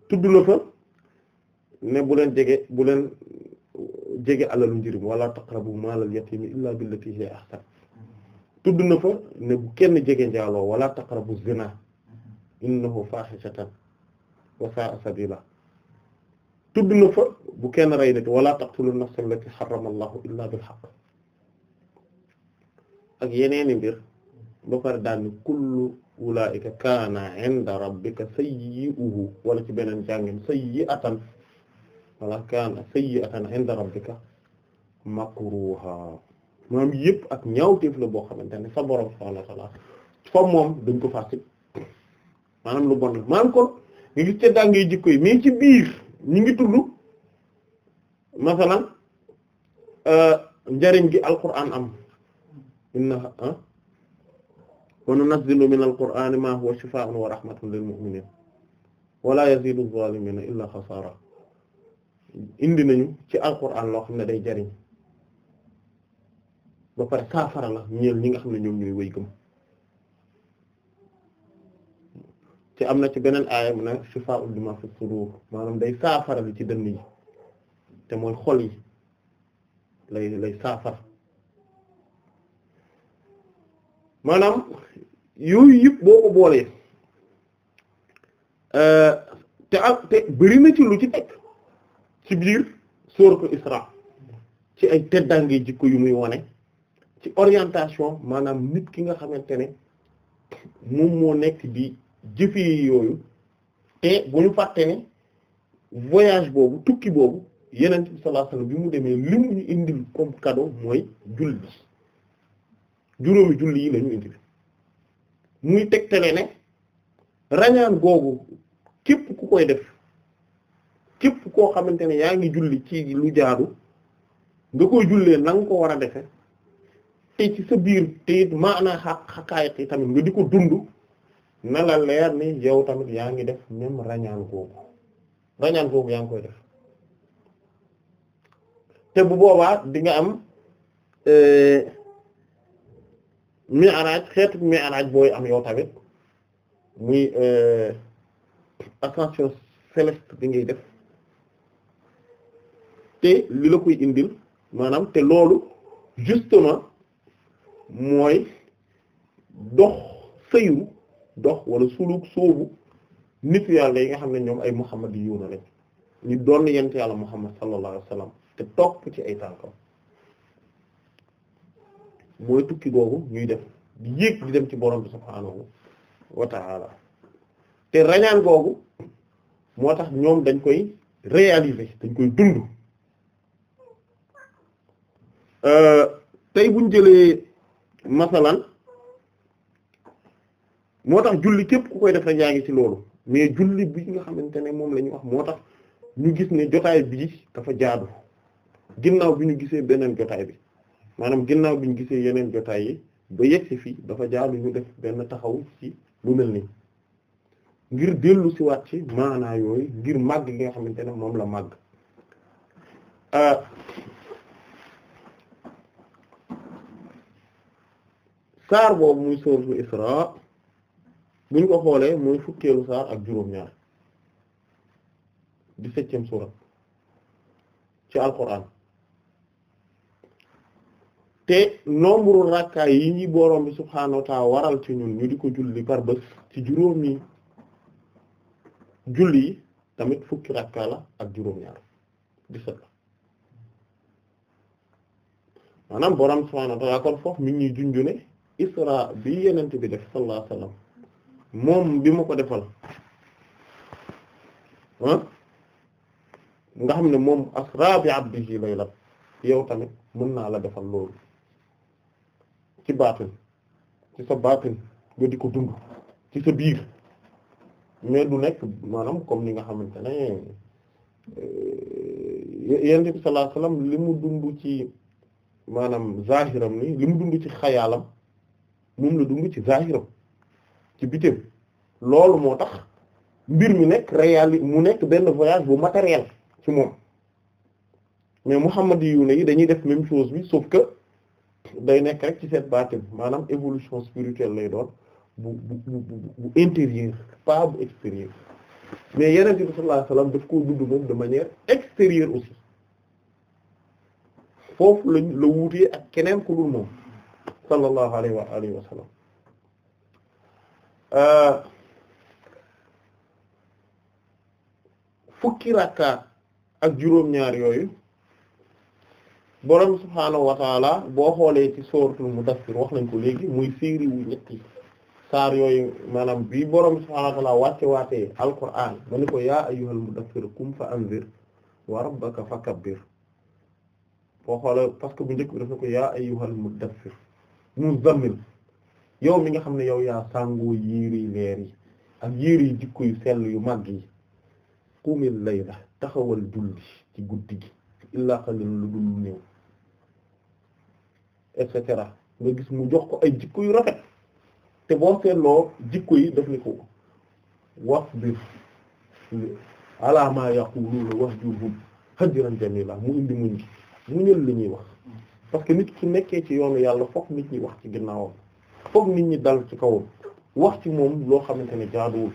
tudd na fa ne bu leen jege bu leen jege alalu njirim wala taqrabu maalal yatimi illa billati hiya ahsan tudd na fa ne kenn jege njaaloo wala taqrabu zina innahu fa wa sa'a sabila tudd na fa bu kenn rey nit wala taqtulu nafsa allati harrama allahu illa bil haqq ak yeneeni mbir ba pare daanni kullu ulaika kaana inda rabbika sayyi'uhu wala ci beneen jàngin sayyi'atan wala kaana sayyi'atan inda rabbika makruha maam yëpp ak ñaawteef la boo xamante ne sa borom subhaanahu wa ta'aala fa moom dañ ko fàcc maanaam lu bon la maanaam kon nga gis te daa ngay jikko yi mais ci biir ñu ngi tudd masalan euh, njariñ gi alquran am inna ah, wa nunazzilu min alqur'ani ma huwa shifaa'un wa rahmatun lil mu'minin wa la yazidu adh-dhalimina illa khasara indi nañu ci alquran loo xam ne day jariñ ba pare saafara la ñeel ñi nga xam ne ñoom ñooy wéy gëm ci am na ci beneen aaya mu ne shifaa'un lima fi sudur maanaam day saafara li ci dënn yi te mooy xol yi lay lay saafara maanaam yooyu yëpp boo ko boolee euh, te am te bëri na ci lu ci nekk ci biir sourate Isra ci ay teddaange jikko yu muy wane ci orientation maanaam nit ki nga xamante ne moom moo nekk di jëfee yooyu te bu ñu fàtte ne voyage boobu tukki boobu yenent bi sallallahu alayhi wasallam bi mu demee li mu ñu indil comme cadeau mooy julli juróomi julli yi la ñu indil muy tegtale ne rañaan googu képp ku koy def képp koo xamante ne yaa ngi julli ci lu jaadu nga koy jullee na nga ko war a defe te ci sa biir te it maanaa xa xakaayat yi tamit nga di ko dund na la leer ni yow tamit yaa ngi def même rañaan googu rañaan googu yaa ngi koy def te bu boobaa di nga am euh, mi'raj xeetu mi'raj booy am yow tamit muy euh, ascension céleste dingay def te li la koy indil maanaam te loolu justement mooy dox sëyu dox wala suluk sóobu nit yàlla yi nga xam ne ñoom ay muhammad yi yoona lañ ñu doon yent yàlla muhammad sallallahu alayhi wasallam te topp ci ay tànkam mooy tukki googu ñuy def di yéeg di dem ci borom bi subhaanahu wa te rañaan googu moo tax ñoom dañ koy réaliser dañ koy dund euh, tey buñ jëlee masalan moo tax julli képp ku koy def rek yaa ngi ci loolu mais julli bi nga xamante ne moom la ñu wax moo tax ñu gis ne jotaay bii dafa jaadu ginnaaw bi ñu gisee beneen jotaay bi maanaam ginnaaw bi ñu gisee yeneen jotaay yi ba yegsi fii dafa jaadu ñu def benn taxaw ci lu mel nii ngir dellu si waat ci maanaa yooyu ngir màgg gi nga xamante ne moom la màgg euh, saar boobu muy sourate Isra bu ñu ko xoolee mooy fukkeelu saar ak juróom-ñaar dix-septième sourate ci Alxuraan te nombre rakkaay yi ñi borom bi subhaanahu wa waral ci ñun ñu di ko julli par bés ci juróomi julli yi tamit fukki rakka la ak juróom-ñaar dix-sept la maanaam borom bi yenent bi def sallallahu alayhi wasallam moom bi mu ko defal ah, nga xam ne moom asra bi lay layla yow tamit mën naa la defal loolu ci baatin ci sa baatin nga di ko dund ci sa biir mais du nekk maanaam comme ni nga xamante ne euh, yonent bi sallallahu dund ci maanaam zahiram ni li ci xayaalam moom la dund ci zahiram ci bitim loolu moo tax mbir mi nekk réalité mu nekk benn voyage bu matériel ci moom mais Muhammad yu ne yi dañuy def même chose bi sauf que day nekk rek ci seen baatin maanaam évolution spirituelle lay doon bu bu bu bu intérieur pas bu extérieur mais yeneen bi sallallahu alayhi wasallam daf koo dund moom de manière extérieure aussi foofu la la wuutee ak keneen ku dul moom sallallahu alayhi wa euh, fukki rakka ak juróom-ñaar yooyu borom subhaanahu wa taala boo xoolee ci sóoratul mudassir wax nañ ko léegi muy série wu ñetti saar yooyu maanaam bi borom subhaanahu wa taala wàcce waatee alquraan ma ni ko yaa ayyuhal mudassir kum fa anzir wa rabbaka fakabbir boo xoolee parce que bu njëkk bi dafa ko yaa ayyuhal mudassir muzammil yow mi nga xam ne yow yaa sàngoo yiiri leer yi ak yiiri jikko yu sell yu mag yi qumil la taxawal julli ci guddi gi illaa qalilan lu dul néew et cetera nga gis mu jox ko ay jikko yu rafet te boo seetloo jikko yi daf ni ko wasbir ala ma yaquluna wahjurhum hajran jamila mu indi muñ gi muñal li ñuy wax parce que nit ku nekkee ci yoonu yàlla fokk nit ñi wax ci ginnaawam fokk nit ñi dal ci kawam wax ci moom loo xamante ne jaaduwul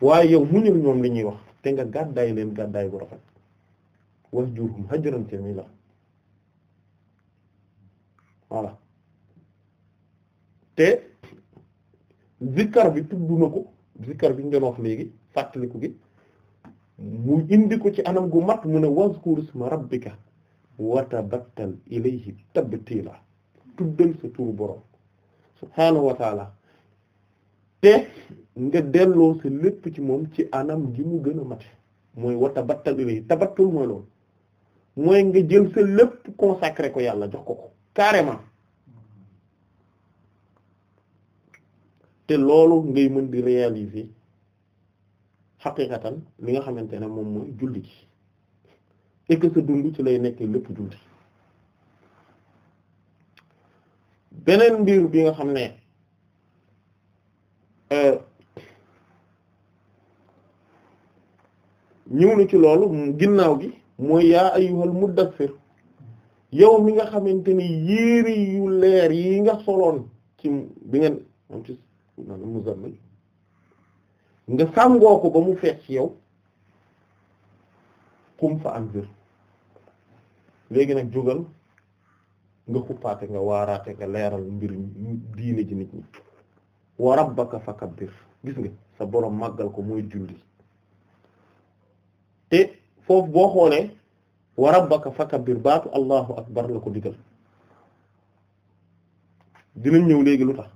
waaye yow muñal ñoom li ñuy wax te nga gàddaay leen gàddaay bu rafet wahjurhum hajran jamila voilà te zikkar bi tudd na ko zikkar bi ñu doon wax léegi fàttaliku gi mu indi ko ci anam gu mat mu ne wazkur isma rabbika watabattal ilayhi tabtila tuddal sa turu borom subhaanahu wa te nga delloo sa lépp ci moom ci anam gi mu gën a mate mooy watabattal ilayhi tabattul mooy loolu mooy nga jël sa lépp consacré ko yàlla jox ko ko carrément te loolu ngay mën di réaliser xaqiqatan li nga xamante ne moom mooy julli ci et que sa dund ci lay nekk lépp julli beneen mbir bi nga xam ne euh, ñëw na ci loolu ginnaaw gi mooy yaa ayyuhal muddassir yow mi nga xamante ni yéere leer yi nga soloon ci bi ngeen am ci muzammil nga sàngoo ko ba mu fees ci yow kum fa anzir léegi nag jógal nga xuppaate nga waaraate nga leeral mbir diine ji nit ñi wa rabbaka fakabbir gis nga sa borom màggal ko muy julli te foofu boo xoolee wa rabbaka fakabbir baatu allahu akbar la ko digal dinañ ñëw léegi lu tax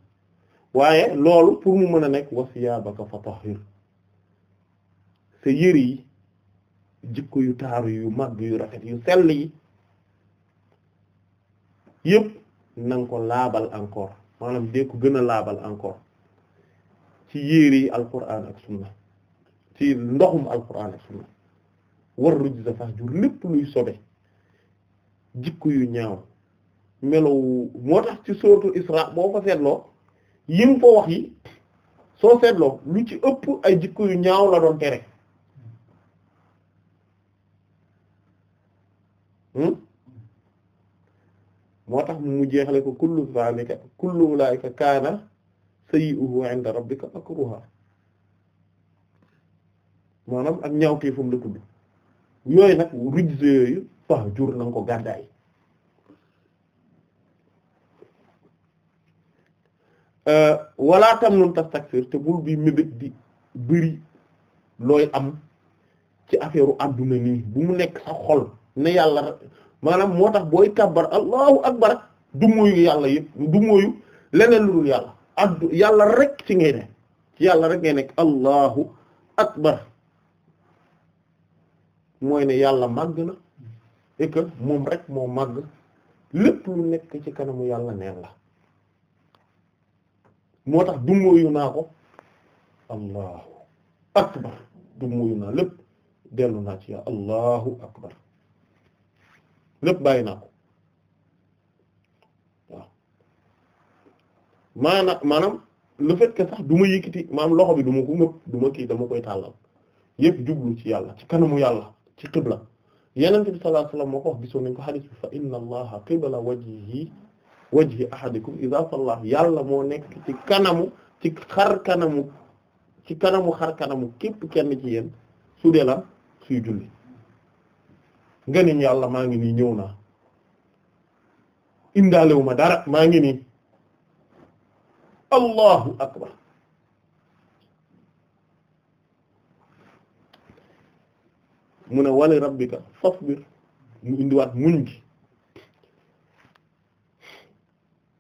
waaye loolu pour mu mën a nekk wasiyaabaka fatahhir sa yëri yi jikko yu taaru yu màgg yu rafet yu sell yi yëpp nanga ko laabal encore maanaam dee ko gën a laabal encore ci yëri yi alquran ak sunna ci ndoxum alquran ak sunna war rujza fahjur lépp luy sobe jikko yu ñaaw melow moo tax ci sóotu Isra boo ko seetloo yim mu ko wax yi soo seetloo lu ci ëpp ay jikko yu ñaaw la doon tere hmm? moo tax mu jeexale ko kullu zalika kullu ulaika kaana sayyi'uhu 'inda rabbika makruha maanaam ak ñaawteefam la tudd yooyu nag rijse yooyu pax jur na nga ko gàddaay euh, wala tam nun tastakfir te bul bi mébét di bëri looy am ci affaire adduna nii bu mu nekk sa xol ne yàlla maanaam moo tax booy kàbbar allahu akbar du mooyu yàlla yëpp du mooyu leneen lu dul yàlla yàlla rek ci ngay ne ci yàlla rek ngay nekk allahu akbar mooy ne yàlla màgg na et moom rekk moo màgg lépp lu nekk ci kanamu yàlla neen la moo tax dummóoyu naa ko allahu akbar dummóoyu naa lépp dellu naa ci yàlla allahu akbar lépp bàyyi naa ko waaw maanaam maanaam le fait que sax du ma yëkkati loxo bi du ma ko ngëp ma kii dama koy tàllal yépp jublu ci yàlla ci kanamu yàlla ci qibla yeneen bi sallallahu wa sallam moo ko wax gisoon nañ ko hadith bi fa qibla wajhi wajhi ahadikum idha salla yàlla moo nekk ci kanamu ci kanamu ci kanamu xar kanamu képp kenn ci yéen su dee la julli nga niñ yàlla maa ngi nii ñëw naa ma dara maa ngi nii allahu akbar mu ne wali rabbika fasbir mu indiwaat muñ gi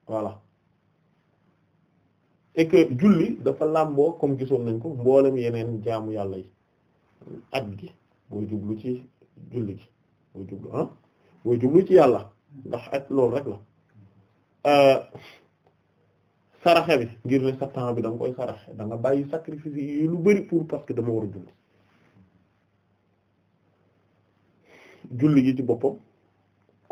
voilà julli dafa làmboo comme gisoon nañ ko mboolem yeneen jaamu yàlla yi at gi mooy jublu ci julli gi booy jublu ah booy jublu ci yàlla ndax at loolu rek la euh, saraxe bi ngir ne sa temps bi da nga koy saraxe da nga bàyyi sacrifice yi lu bari pour parce que dama war a julli julli gi ci boppam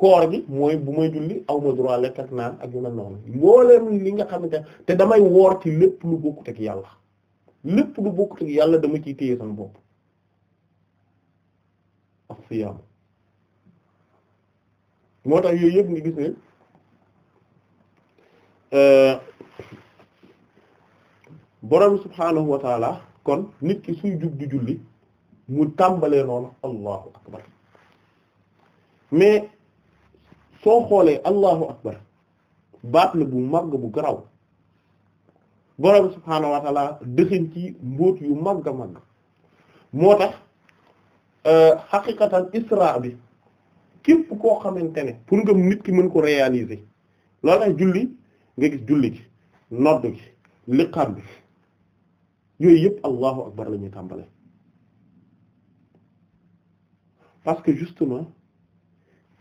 koor gi mooy bu may julli aw ma droit lekk ak naan ak yu mel noonu mbooleem li nga xam ne te damay woor ci lépp lu bokkut ak yàlla lépp lu bokkut ak yàlla dama ciy téye sama bopp ak moo tax yooyu yëpp nga gis ne euh, borom subhaanahu wa kon nit ki suy jug di julli mu tàmbalee noonu allahu akbar mais soo xoolee allahu akbar baat la bu màgg bu garaw borom subhaanahu wa taala ci mbóot yu màgg a màgg moo tax xaqiqatan euh, isra bi képp koo xamante ne pour nga nit ki mën ko réaliser loolu ay julli nga gis julli gi nodd gi liqaam bi yooyu yëpp allahu akbar la ñuy tàmbale parce que justement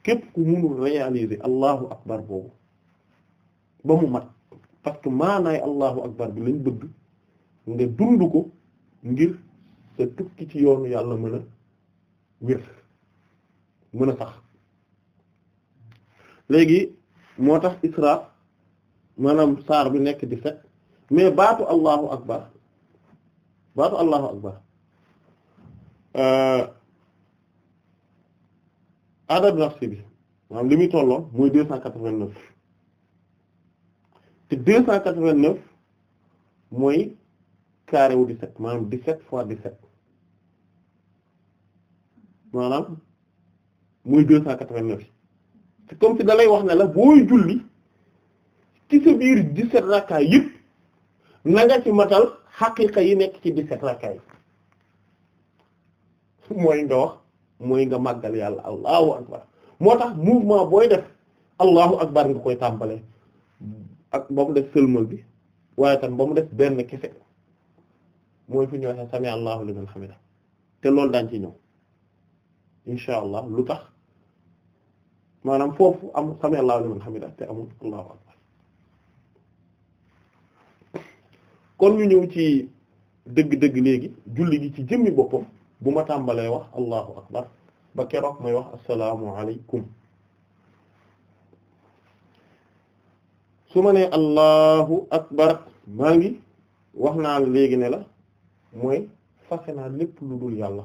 képp ku munul réaliser allahu akbar boobu ba mu mat parce que maanaay allahu akbar bi lañ bëgg nga dund ko ngir sa tukki ci yoon yàlla mën a wér mën a sax léegi moo tax isra maanaam saar bi nekk di set mais baatu allahu akbar baatu allahu akbar euh, adab nafsi bi maanaam li muy tolloon mooy deux cent quatre-vingt-neuf te deux cent quatre-vingt-neuf mooy carré wu dix-sept maanaam dix-sept fois dix-sept maanaam mooy deux cent quatre-vingt-neuf comme si da wax ne la booy julli ci sa biir dix-sept rakkaay yëpp na ci matal xaqiqa yi nekk ci dix-sept rakkaay mooy nga wax mooy nga màggal yàlla allahu akbar moo tax mouvement booy def allahu akbar nga koy tàmbale ak ba mu def sëlmal bi waaye tam ba mu def benn kese mooy fu ñu sami allahu liman hamida te loolu daañ ci ñëw insha allah lu tax maanaam foofu am sami allahu liman hamida te amul allahu akbar kon ñu ñëw ci dëgg-dëgg léegi julli gi ci jëmmi boppam bu ma tàmbalee wax allahu akbar ba keroog may wax assalaamu alaykum su ma nee allahu akbar maa ngi wax naa léegi ne la mooy fase naa lépp lu dul yàlla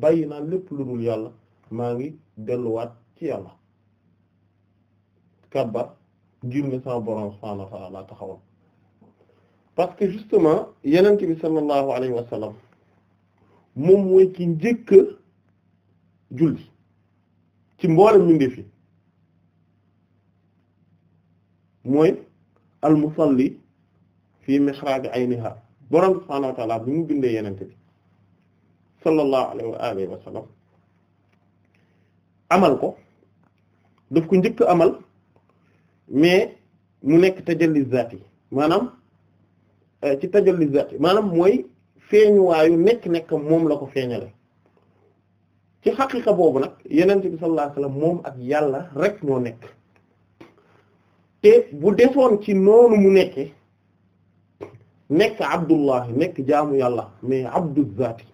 bàyyi naa lépp lu dul yàlla maa ngi delluwaat ci yàlla kabbar ngir ne sama borom subhaanahu wa ta'aala taxawal parce que justement yenent bi sallallahu alayhi wa moom mooy ki njëkk a julli ci mboolem mbindeef fi mooy almusalli fii mihraabi ayniha borom subhaanahu wa ta'aala bi mu bindee yenante bi sallallahu alayhi wa alihi amal ko daf ko njëkk amal mais mu nekk tajalli zaati maanaam eh, ci tajalli zaati mooy feeñuwaayu nekk-nekkam moom la ko feeñale ci xaqiqa boobu nag yeneen bi sallallahu alayhi wasallam moom ak yàlla rekk ñoo nekk te bu defoon ci noonu mu nekke nekk abdullahi nekk jaamu yàlla mais abdu zaati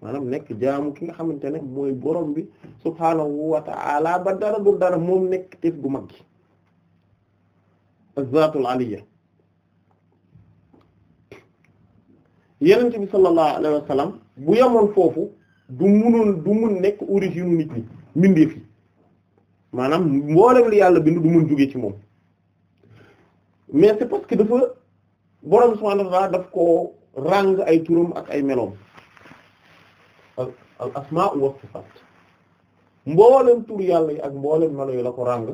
maanaam nekk jaamu ki nga xamante ne mooy borom bi subhaanahu wa ta'ala ba dara du dara moom nekk teef gu mag gi azzaatul aliyya yenent bi sallallahu alayhi wa bu yamoon foofu du munoon mun nekk origine nit ñi mbindeef maanaam mboolem li yàlla bind du mun jóge ci moom mais c'est parce dafa borom subhanahu wa ta'ala daf koo ràng ay turam ak ay meloom al al asmaa wa sifaat mboolem tur yàlla yi ak mboolem melo yi la ko ràng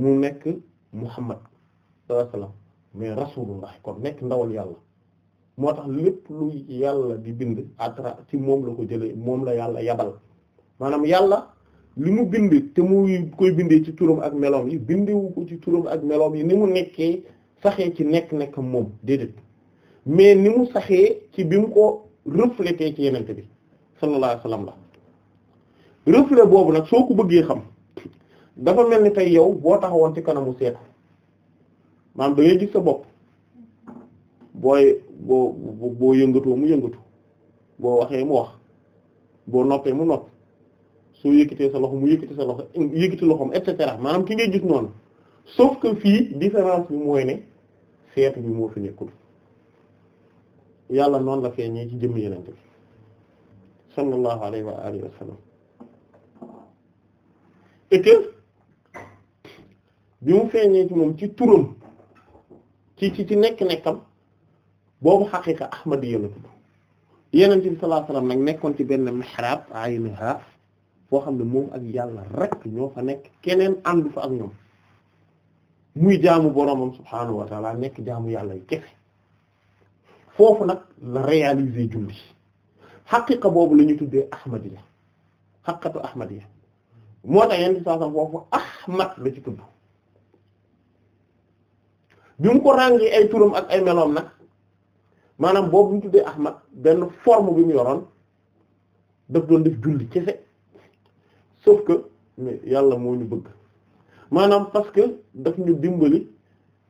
mu nekk Muhammad sallallahu alayhi wa sallam mais rasulullah kon nekk ndawal yàlla moo tax lépp lu yàlla di bind à travers ci moom la ko jëlee moom la yàlla yabal maanaam yàlla li mu bind te mu koy bindee ci turam ak meloom yi bindewu ko ci turam ak meloom yi ni mu nekkee saxee ci nekk-nekk moom déedéet mais ni mu saxee ci bi mu ko reflété ci yenente bi sallallahu alayhi la reflet boobu nag soo ko bëggee xam dafa mel ni tey yow boo taxawoon ci kanamu seetu maanaam da gis sa bopp booy boo boo yëngatoo mu yëngatu boo waxee mu wax boo noppee mu nopp soo yëkkatee sa loxo mu yëkkati sa loxo yëkkati loxoom et cetera maanaam ki ngay gis noonu sauf que fii différence bi mooy ne seet bi moo fi nekkul yàlla noonu la feeñee ci jëmm yeneen bi sallallahu alayhi wa wa sallam et que mu feeñee moom ci turam ci ci ci nekk-nekkam boobu xaqiqa ahmadiyya la tudd yonent bi sallallahu alayhi wasallam nag nekkoon ci benn mihrab aynaha foo xam ne moom ak yàlla rek ñoo fa nekk keneen àndu fa ak ñoom muy jaamu boromam subhaanahu wa taala nekk jaamu yàlla yi kefe foofu nag la réaliser julli xaqiqa boobu la ñu tuddee ahmadiyya xaqatu ahmadiyya moo tax yonent bi sallallahu foofu ahmad la ci tudd bi ko ràngi ay turam ak ay meloom nag maanaam boobu ñu tuddee ahmad benn forme bi mu yoroon daf doon def julli kese sauf que yàlla moo ñu bëgg maanaam parce que daf ñu dimbali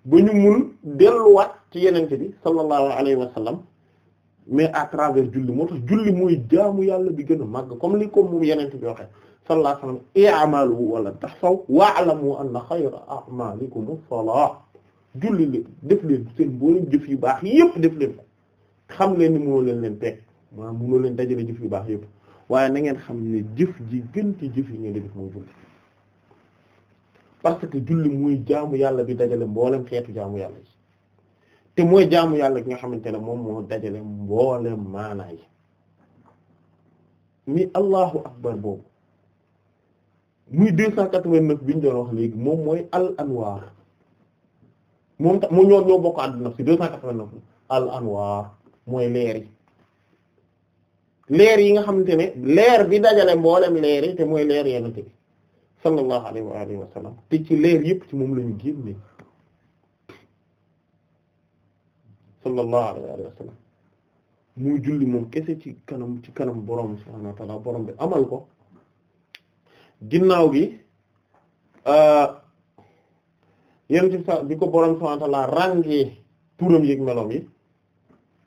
ba ñu mun delluwaat ci yenente bi sallallahu alayhi wa sallam mais à travers julli moo tax julli mooy jaamu yàlla bi gën a màgg comme li ko mu yenente bi waxee sallallahu alayhi wa sallam i'malu wala tahsaw wa'lamu anna xayra a'malikum as-salah julli leen def leen seen mboolem jëf yu baax yépp def leen ko xam leen ni mënoo leen leen teg maanaam mënoo leen dajale jëf yu baax yépp waaye na ngeen xam ne jëf ji gën ci jëf yi ngeen di def julli parce que julli muy jaamu yàlla bi dajale mboolem xeetu jaamu yàlla yi te mooy jaamu yàlla gi nga xamante ne moom moo dajale mboolem maanaa mi ni allahu akbar boobu muy deux cent quatre vingt bi ñu doon wax léegi moom mooy al anwaar moom tax mu ñoo ñoo bokk àdduna si deux cent quatre-vingt-neuf al anwaar mooy leer yi leer yi nga xamante ne leer bi dajale mboolem leer te mooy leer yenante bi sallallahu alayhi wa alihi wa sallam te ci leer yëpp ci moom la ñu génne sallallahu alayhi wa sallam muy julli moom kese ci kanam ci kanam borom subhanahu wa ta'ala borom bi amal ko ginnaaw gi euh, yenn ci sa bi ko borom subhanahu wa ta'ala ràngee turam yëg meloom yi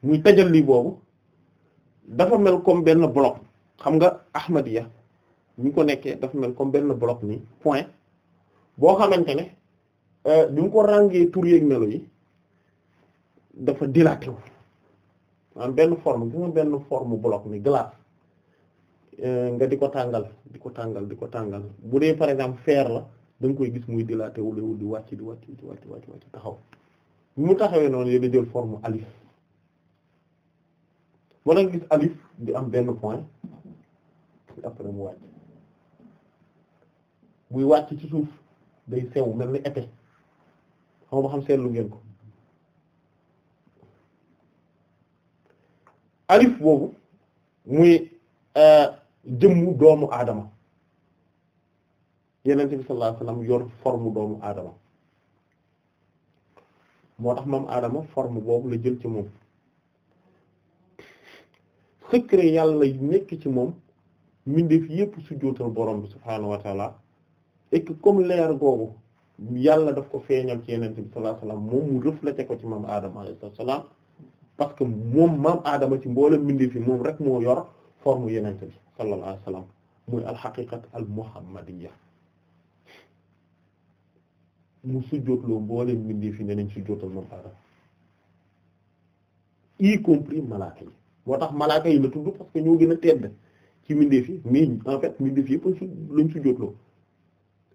muy li boobu dafa mel comme benn bloc xam nga ahmadiyya ñu ko nekkee dafa mel comme benn bloc ni point boo xamante ne euh, bi mu ko ràngee tur yeeg melo yi dafa dilaté wu benn forme bi mu benn forme bloc ni glace euh, nga di ko tàngal di ko tàngal di ko tàngal bu dee par exemple fer la da nga koy gis muy dilaté wu di wàcc di wàcc di wàcc wàcc wàcc taxaw mu taxawee noonu yéen a jël forme alif wala gis alif di am benn point après mu wàcc ci suuf day sew mel ni épée xam seen lu ngeen ko alif boobu muy euh, jëmmu doomu aadama yenente bi sallallahu alayhi wasallam yor forme doomu aadama moo tax moom aadama forme boobu la jël ci moom secret yàlla nekk ci moom mbindeef yépp sujjóotal borom bi subhaanahu wa taala et que comme leer googu yàlla daf ko feeñal ci yenente bi sallallahu alayhi moom mu reflété ko ci maam aadama alayhi salaam parce que moom maam aadama ci mboolem mbindeef yi moom rek moo yor forme yenente bi sallallahu alayhi wasallam muy alxaqiqat mu sujjóotloo mboolem mbindeef yi ne nañ sujjóotal maam aadama y compris malaaka yi moo tax malaaka yi la tudd parce que ñoo gën a tedd ci mindeef yi mais en fait mindeef yëpp su lañ su jootloo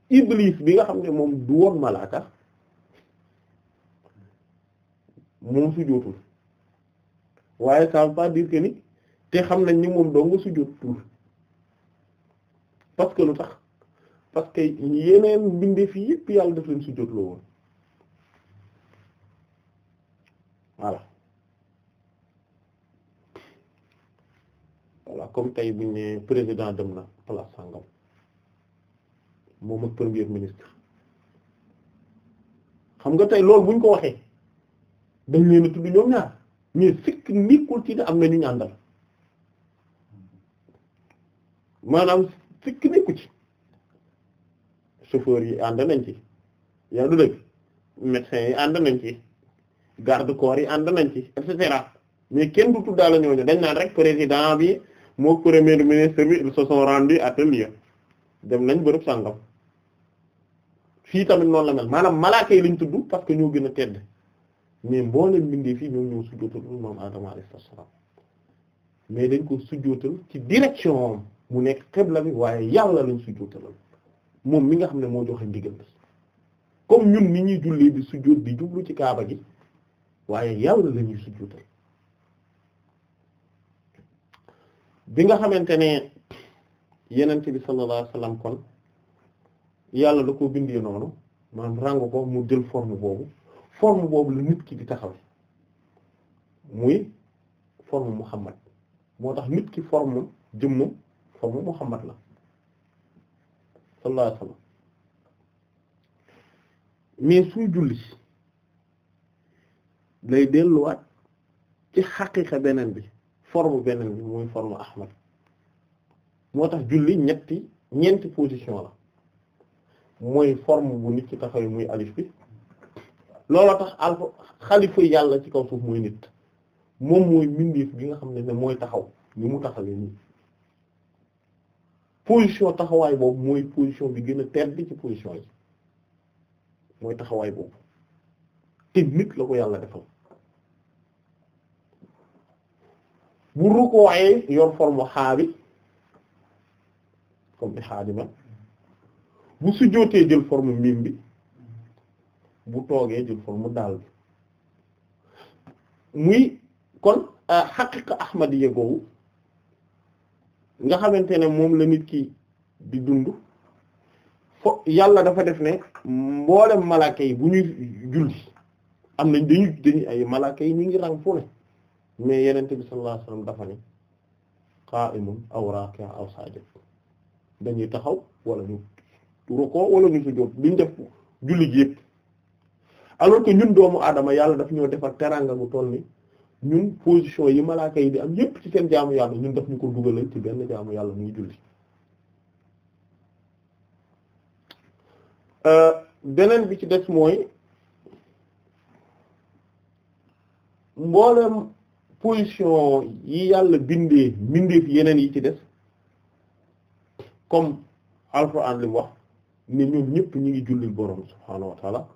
bi nga xam ne moom du woon malaaka moom su jootul waaye ça veut pas dire que ni te xam nañ ni moom doo nga su parce que lu tax parce que yeneen bindeef yëpp yàlla daf leen su jootloo woon voilà voilà comme tey bu ñu ne président dem na place sangam moom ak premier ministre xam nga tey loolu bu ñu ko waxee dañ leen a tudd ñoom ñaar mais sikk nikkul ci ne am na ñu ñu àndal maanaam sikk nikku ci chauffeur yi ànd nañ ci yaa du dëgg médecins yi ànd nañ ci garde corps yi ànd nañ ci et cetera mais kenn du tuddaale ñooñu dañ naan rek président bi moo premier ministre bi ils se sont rendus à dem nañ bërëb sàngam fii tamit noonu la mel maanaam malaaka yi lañ tudd parce que ñoo gën a tedd mais mboolem bindee fii ñoom ñoo sujjootal moom Adama alayhi salaam mais dañ ko sujjootal ci direction mu nekk xibla bi waaye yàlla lañ sujjootalal moom mi nga xam ne moo joxe ndigal bi comme ñun ni ñuy jullee di sujjoot di jublu ci kaaba gi waaye yàlla la ñuy sujjootal bi nga xamante ne yenent bi sallallahu alayhi wasallam kon yàlla da ko bindee noonu maanaam ràng ko mu jël form boobu forme boobu la nit ki di taxaw muy forme Muhammad moo tax nit ki forme jëmmu forme Muhammad la sallallahu alayhi wasallam mais suy julli lay delluwaat ci xaqiqa beneen bi forme beneen bi mooy forme ahmad moo tax julli ñetti ñeenti position la mooy forme bu nit ci taxawee muy alif bi looloo tax al xalifa yàlla ci kaw suuf mooy nit moom mooy mbindeef gi nga xam ne ne mooy taxaw ni mu taxawee nii position taxawaay boobu mooy position bi gën a tedd ci position yi mooy taxawaay boobu te nit la ko yàlla defal bu rukkooxee yor forme xaabi comme bi xaadima bu sujjootee jël forme miim bi bu toogee jël forme daal bi muy kon euh, xaqiqa ahmadiyya googu nga xamante ne moom la nit ki di dund fo yàlla dafa def ne mboolem malaaka bu ñuy julli am nañ dañu dañu ay malaaka yi ñu ngi ràng fu ne mais Yonent bi sallallahu alayhi wasallam dafa ne qa'imun aw raki'un aw sajid dañuy taxaw wala ñu rukkoo wala ñu sujjóot duñ def jullit yépp alors que ñun doomu aadama yàlla daf ñoo defar teraanga bu toll ni ñun position yi malaaka yi di am yépp ci seen jaamu yàlla ñun daf ñu ko dugalal ci benn jaamu yàlla muy julli euh, beneen bi ci des mooy mboolem position yi yàlla bindee bindee yeneen yi ci des comme alquran li wax ne ñoom ñëpp ñu ngi jullil borom subhaanahu wa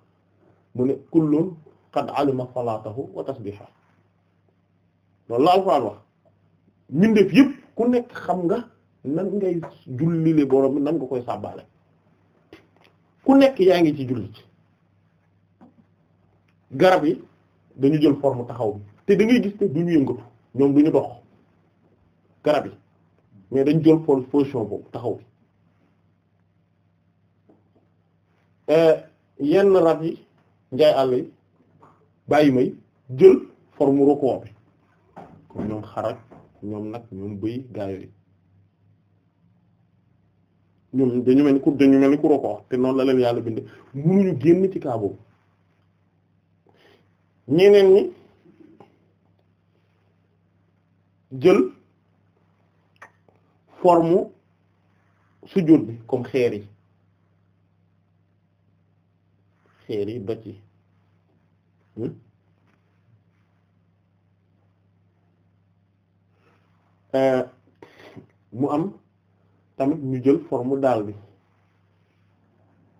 mu ne kullun qad alima salaatahu wa tasbiha loolu la alquran wax mbindeef yëpp ku nekk xam nga nan ngay jullile borom nan nga koy sàbbaale ku nekk yaa ngi ci julli garab yi dañu jël forme taxaw bi te da gis ne du ñu yëngatu ñoom du ñu dox garab yi mais dañ jël pol position boobu taxaw bi euh, yenn rab yi njaay àll yi bàyyi may jël forme recours bi comme ñoom xarak ñoom nag ñoom bëy gaa yooyu ñoom dañu mel ni ku dañu mel ni ku recours te noonu la leen yàlla bindee mënuñu génn ci kaa boobu ñeneen ñi jël formu sujjóot bi comme xeer yi xeer yi bacci hmm? euh, mu am tamit ñu jël forme daal bi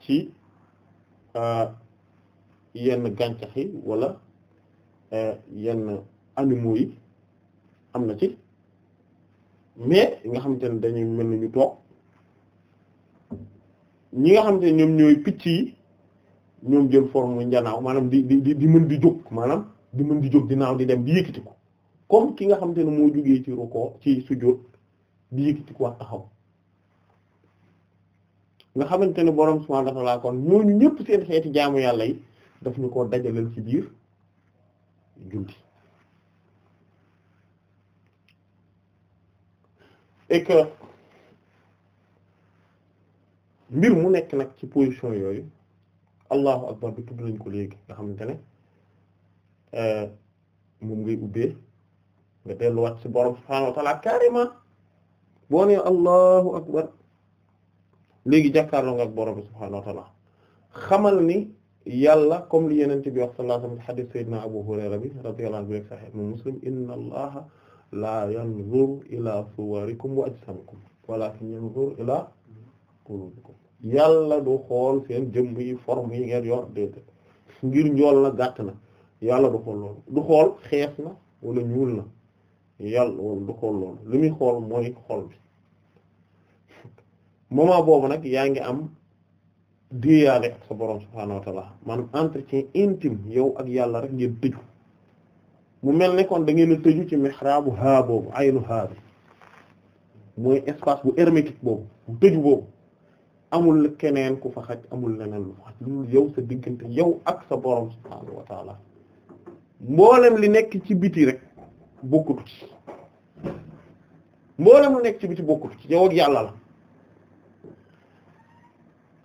ci euh, yenn gàncax yi wala euh, yenn animaux yi am na ci mais nga xamante ne dañuy mel ni ñu toog ñi nga xamante ne ñoom ñooy picc yi ñoom jël forme njanaaw maanaam di di di mën di jóg maanaam di mën di jóg di naaw di dem di yëkkati ko comme ki nga xamante ne moo jógee ci rukkoo ci sujjóot di yëkkati wax taxaw nga xamante ne borom subhaanahu wa ta'aala kon ñooñu ñëpp seen xeeti jaamu yàlla yi daf ñu koo dajaleel ci biir julli et mbir mu nekk nag ci position yooyu allahu akbar bi tudd nañ ko léegi nga xamante ne euh, moom ngay ubbee nga delluwaat ci borom subhaanahu wa ta'ala boo nee allahu akbar léegi jàkkaarloo nga ak borom subhaanahu wa ta'ala xamal ni yàlla comme li yeneen ci bi wax sallallahu alayhi wa sallam hadith sayyidina abu hurayra bi radiyallahu anhu bi rek sahih muslim inna allaha laa yanzur ilaa suwarikum wa ajsamikum walaakin yanzur ilaa qulubikum yàlla du xool seen jëm yi forme yi ngeen yor déedéet ngir njool na gàtt na yàlla du xool loolu du xool xees na walla ñuul na yàlla du xool loolu li muy xool mooy xol bi [LAUGHS] moment boobu nag yaa ngi am déeyaale sa borom subhaanahu wa ta'ala maanaam entretien intime yow ak yàlla rek ngeen ko mu mel ni kon da ngeen a tëju ci mihrabu ha boobu aynu ha bi mooy espace bu hermétique boobu bu tëju boobu amul keneen ku fa xaj amul leneen lu fa xaj loolu yow sa diggante yow ak sa borom subhaanahu wa taala mboolem li nekk ci biti rek bokkutu ci mboolem nekk ci biti ci yow ak yàlla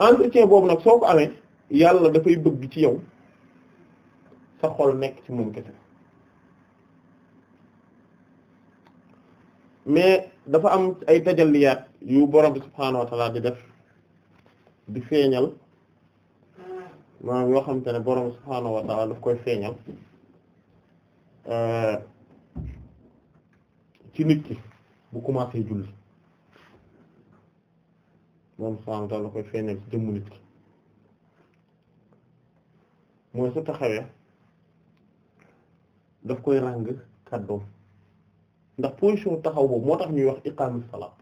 la entretien boobu nag soo ko amee yàlla dafay bëgg ci yow sa xol nekk ci moom kese mais dafa am ay tajalliyaat yu borom bi subhaanahu di def di feeñal maanaam yoo xam te ne borom bi subhaanahu daf koy feeñal euh, ci nit ki bu commencé julli borom subhaanahu wa daf koy feeñal ci jëmmu nit ki mooy su taxawee daf koy ràng kàddoom ndax position taxaw boobu moo tax ñuy wax iqaamis salaat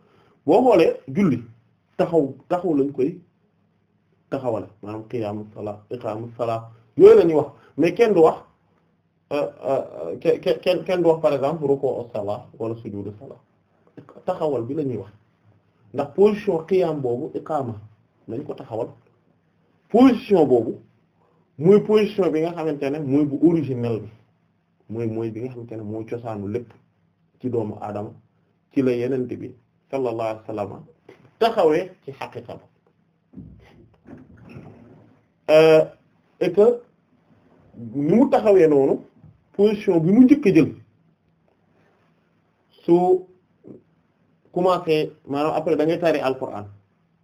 boo xoolee julli taxaw taxaw lañu koy taxawal maanaam qiyaamus salaat iqaamus salaat yooyu la ñuy wax mais kenn du wax euh, euh, kenn kenn du wax par exemple ruku'u salaat wala sujuudu salaat taxawal bi lañuy wax ndax position qiyaam boobu iqaama lañ ko taxawal position boobu muy position bi nga xamante ne mooy bu originel bi mooy mooy bi nga xamante ne cosaanu lépp. ci doomu aadama ci la yenent bi sallallahu alayhi wa sallam taxawee ci xaqiqa ba euh, et que ni mu taxawee noonu position bi mu njëkk a jël su commencé maanaam après da ngay tari alquran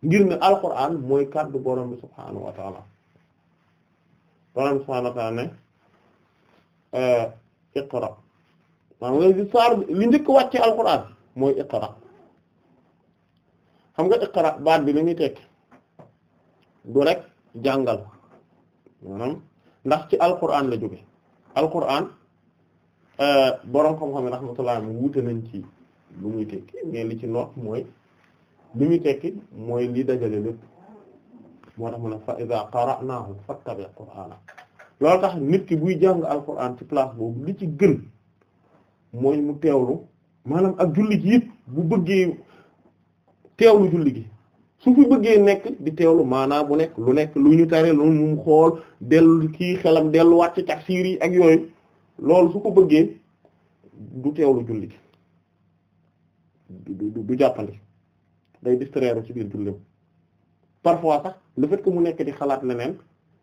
ngir ne alquran mooy kàddu borom bi subhaanahu wa taala borom bi subhaanahu ne euh, iqra maanaam nga gis saar bi li njëkk wàcc ci alquran mooy iqra xam nga iqra baat bi li muy tekk du rek jàngal maanaam ndax ci alquran la jóge alquran euh, borom xam-xam yi rahmatullah mu wuute nañ ci lu muy tekki li ci noot mooy li muy tekki mooy li dajale lépp moo tax mu ne fa iza qara'nahu fattabi' qur'ana loolu tax nit ki buy jàng alquran ci place boobu li ci gën mooy mu teewlu maanaam ak julli gi yëpp bu bëggee teewlu julli gi su fi bëggee nekk di teewlu maanaam bu nekk lu nekk lu ñu tare lu mu xool dellu ki xelam delluwaat ci tafsiir yi ak yooyu loolu su ko bëggee du teewlu julli gi du du jàppandi day distraire ci biir julleem parfois sax le ko mu nekk di xalaat leneen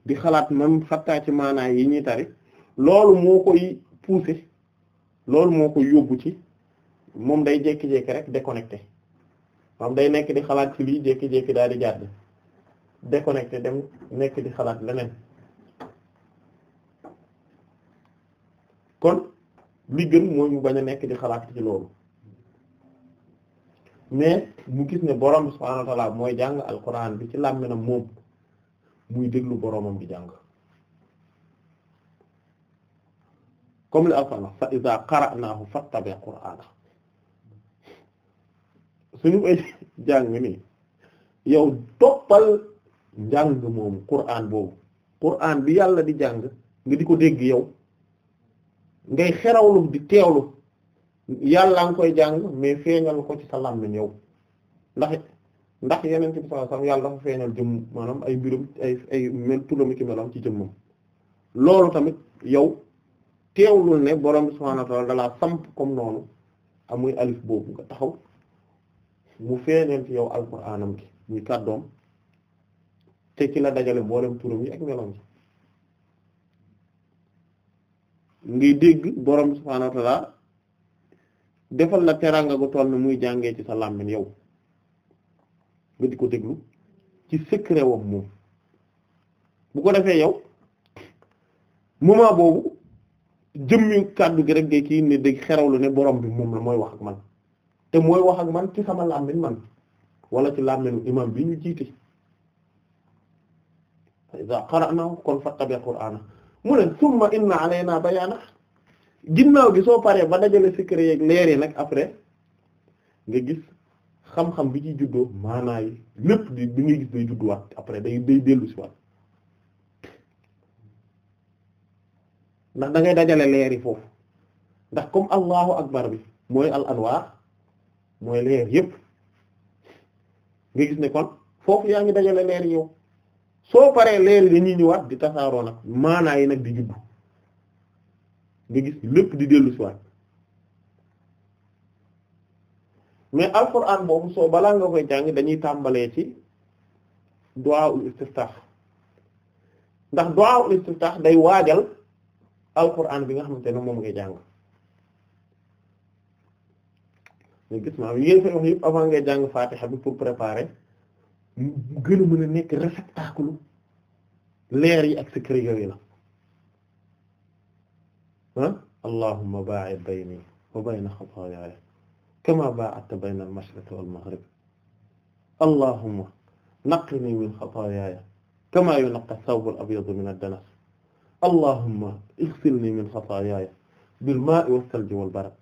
di xalaat même xattaa ci maanaa yi ñuy tari loolu moo koy pousser loolu moo ko yóbbu ci moom day jékki-jékki rek déconnecté moom day nekk di xalaat ci lii jékki-jékki daal di jàdd déconnecté dem nekk di xalaat leneen kon li gën mooy mu bañ a nekk di xalaat ci loolu mais mu gis ne borom bi subhaanahu mooy jàng alquran bi ci làmminam moom muy déglu boroomam di jàng comme li alquran fa iza qara'nahu fattabi' qur'ana suñu koy nii yow toppal njàng moomu qur'an boobu qur'an bi yàlla di jàng nga di ko dégg yow ngay xerawlu di teewlu yàlla nga koy jàng mais feeñal ko ci sa làmmiñ yow ndaxi ndax yeneen ci sallallahu alayhi wasallam yàlla dafa feeñal jëmm maanaam ay mbirum ay mel turam ci melam ci jëmmam loolu tamit yow. teewlul ne borom bi subhaanahu wa ta'aala dalaa samp comme noonu amuy ah, alif boobu nga taxaw mu feeñal ci yow alquraanam gi muy kàddoom te ci la dajale mboolem turam yi ak meloom yi ngay dégg borom bi subhaanahu wa ta'aala defal la teraanga gu toll muy jàngee ci sa làmmiñ yow nga di ko déglu ci secret wam moom bu ko defee yow moment boobu jëmmi kàddu gi rek day kii ne day xerawlu ne borom bi moom la mooy wax ak man te mooy wax ak man ci sama làmmiñ man wala ci làmmiñu imam bi ñu jiite iza qara'na kon fattabi' qur'ana mu ne summa inna alayna bayana ginnaaw gi soo paree ba dajale secret yeeg leer nag après nga gis xam-xam bi ci juddoo maanaa yi lépp di bi ngay gis day judduwaat après day day dellu si waat ndax da ngay dajale leer yi foofu ndax comme allahu akbar bi mooy al anwaar mooy leer yépp nga gis ne kon foofu yaa ngi dajale leer yow soo paree leer yi dañuy ñëwaat di tasaaroo nag maanaa yi nag di juddu nga gis lépp di dellu siwaat mais alquran boobu soo balaa nga koy jàng dañuy tàmbalee ci du'a ul istiftah ndax du'a ul istiftah day waajal alquran bi nga xamante ne moom ngay jàng mais gis naa yéen fay wax yëpp avant ngay jàng fatiha bi pour préparer gën a mën a nekk réceptacle leer yi ak secret yooyu la ah allahumma ba'id bayni wa bayna xataayaaya kama ba'adta bayna al-mashriq wal maghrib allahumma naqqini min xataayaaya kama yunaqqa ath-thawbu al-abyadu min ad-danas allahumma ighsilni min xataayaaya bil maa'i was salji wal barad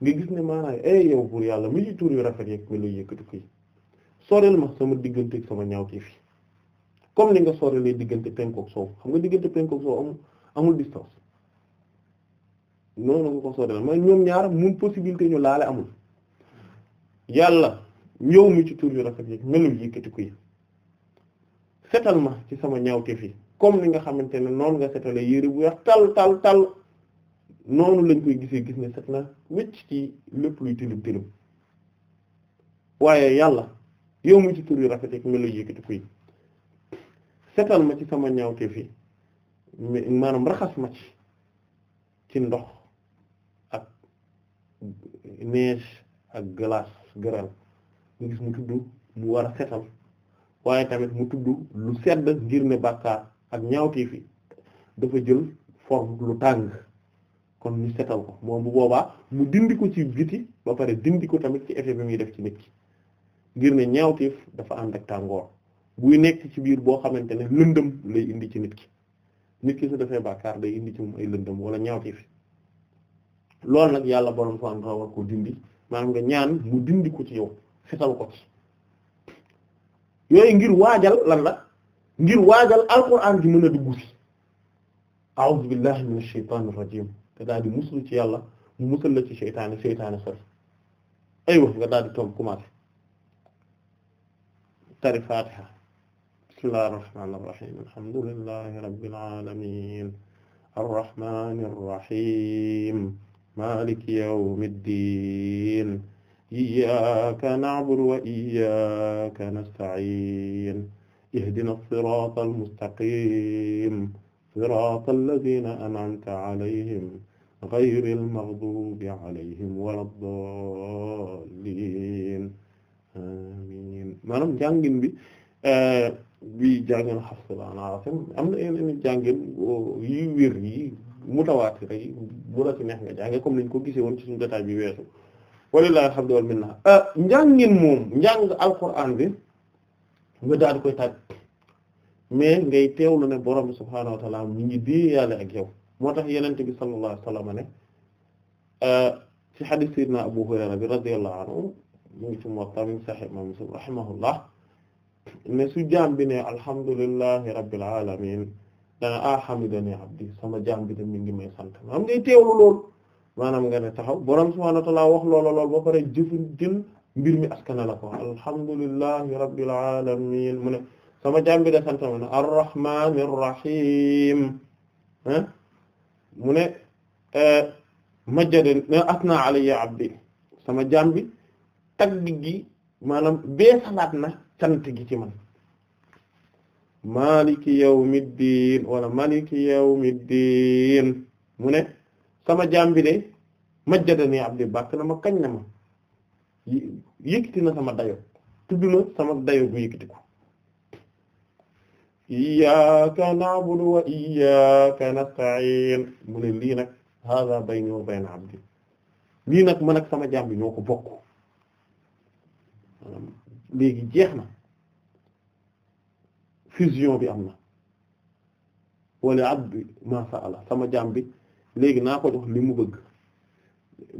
nga gis ne maanaam ay eh, yow pour yàlla mi ngi tur yu rafet yeeg mi lay sama digganteeg sama ñaawteef comme ni nga sorelee diggante penkook soow xam nga diggante penkook soow amul amul distance noonu nga ko soreel ñu laale amul yàlla yow mi ci tur yu yëkkati kii setal ma ci sama ñaawteef yi. comme ni nga xamante ne noonu nga setale yére bu weex tal tal tal noonu lañ koy gisee gis ne set na wécc ci lépp luy tilim tilim waaye yàlla yow mu ci tur yu rafet ak melo yëkkati kuy setal ma ci sama ñaawte fii maanaam raxas ma ci ci ndox ak neige ak glace gëral mu gis mu tudd mu war a setal waaye tamit mu tudd lu sedd ngir ne bàkkaar ak ñaawteef yi dafa jël forme lu tàng kon ñu setal ko moom bu boobaa mu dindi ko ci biti ba pare dindi ko tamit ci effet bi muy def ci nit ki ngir ne ñaaw ñaawteef dafa ànd ak tàngoor buy nekk ci biir boo xamante ne lëndëm lay indi ci nit ki nit ki su defee bàkkaar day indi ci moom ay lëndëm wala ñaawteef lool nag yàlla borom soo am war ko dindi maanaam nga ñaan mu dindi ko ci yow setal ko ci yooyu ngir waajal lan la ngir waajal alquran gi mën a dugg ci a'udhu billahi minash shaytanir rajim te daal di muslu ci yàlla mu musal la ci seytaane seytaane sori aywa nga daal di toom commencé tari fatiha bismillahir rahmanir rahim alhamdulillahi rabbil alamin arrahmanir rahim maliki yawmiddin iyyaka na'budu wa iyyaka nasta'in ihdina sirata almustaqim sirata alladina an'amta alayhim ghayri almaghdubi alayhim wala ddallin amin maanaam jàngin bi eh, bi jàngin xafsalaan asim am na yeneen jàngin yi wér yi mutawaatir yi bu la ci neex nga jànge comme niñ ko gisee woon ci suñu jotaay bi weesu walillahi alhamdu wal minna eh, njàngin moom njàng alquran bi nga daal di koy tàgg mais ngay teewlu ne borom bi subhaanahu wa mi ngi di yàlla ak yow moo tax yenente bi sallallahu alayhi wa sallam ne euh, ci hadith sayyidina Abu Hurayra bi radiyallahu anhu mu ngi ci Muwatta min Sahih Imam Muslim rahimahullah ne su jaam bi ne alhamdulillahi rabbil alamin dana ah hamidani abdi sama jaam bi de mi ngi may sant maanaam ngay teewlu lool maanaam nga ne taxaw borom subhaanahu wa ta'ala wax loola lool ba pare jëfin jël mbir mi askana la ko alhamdulillahi rabbil alamin mu ne sama jàmbi da sant ma ne arrahmanir mu ne eh, majjada asna alayya abdi sama jàmbi tagg gi maanaam beesalaat na sant gi ci man maliki yawmiddin wala maliki yawmiddin mu ne sama jàmbi de majjadani abdi bàkk na ma kañ na ma yëkkati na sama dayo tudd na sama dayo bu yëkkati ko iyyaka na'budu wa iyyaka nasta'in mu ne lii nag hadha bayni wa bayna abdi lii nag man ak sama jaam bi ñoo ko bokk léegi jeex na fusion bi am na wala abdi ma sa'ala sama jaam bi léegi naa ko jox li mu bëgg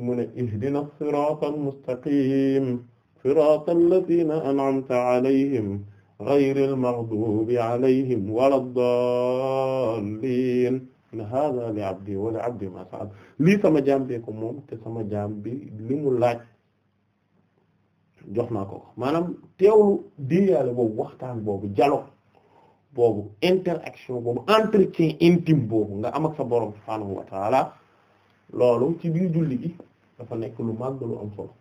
mu ne ihdina siraatal mustaqim siraatal lazina an'amta alayhim ghayril maghdubi alayhim waladdaalliin na haaza li abdi wa li abdi ma sa'al lii sama jaam bee ko moom te sama jaam bi li mu laaj jox naa ko maanaam teewlu diyaale boobu waxtaan boobu jalo boobu interaction boobu entretien intime boobu nga am ak sa borom subhaanahu wa taala loolu ci biir julli gi dafa nekk lu mag lu am solo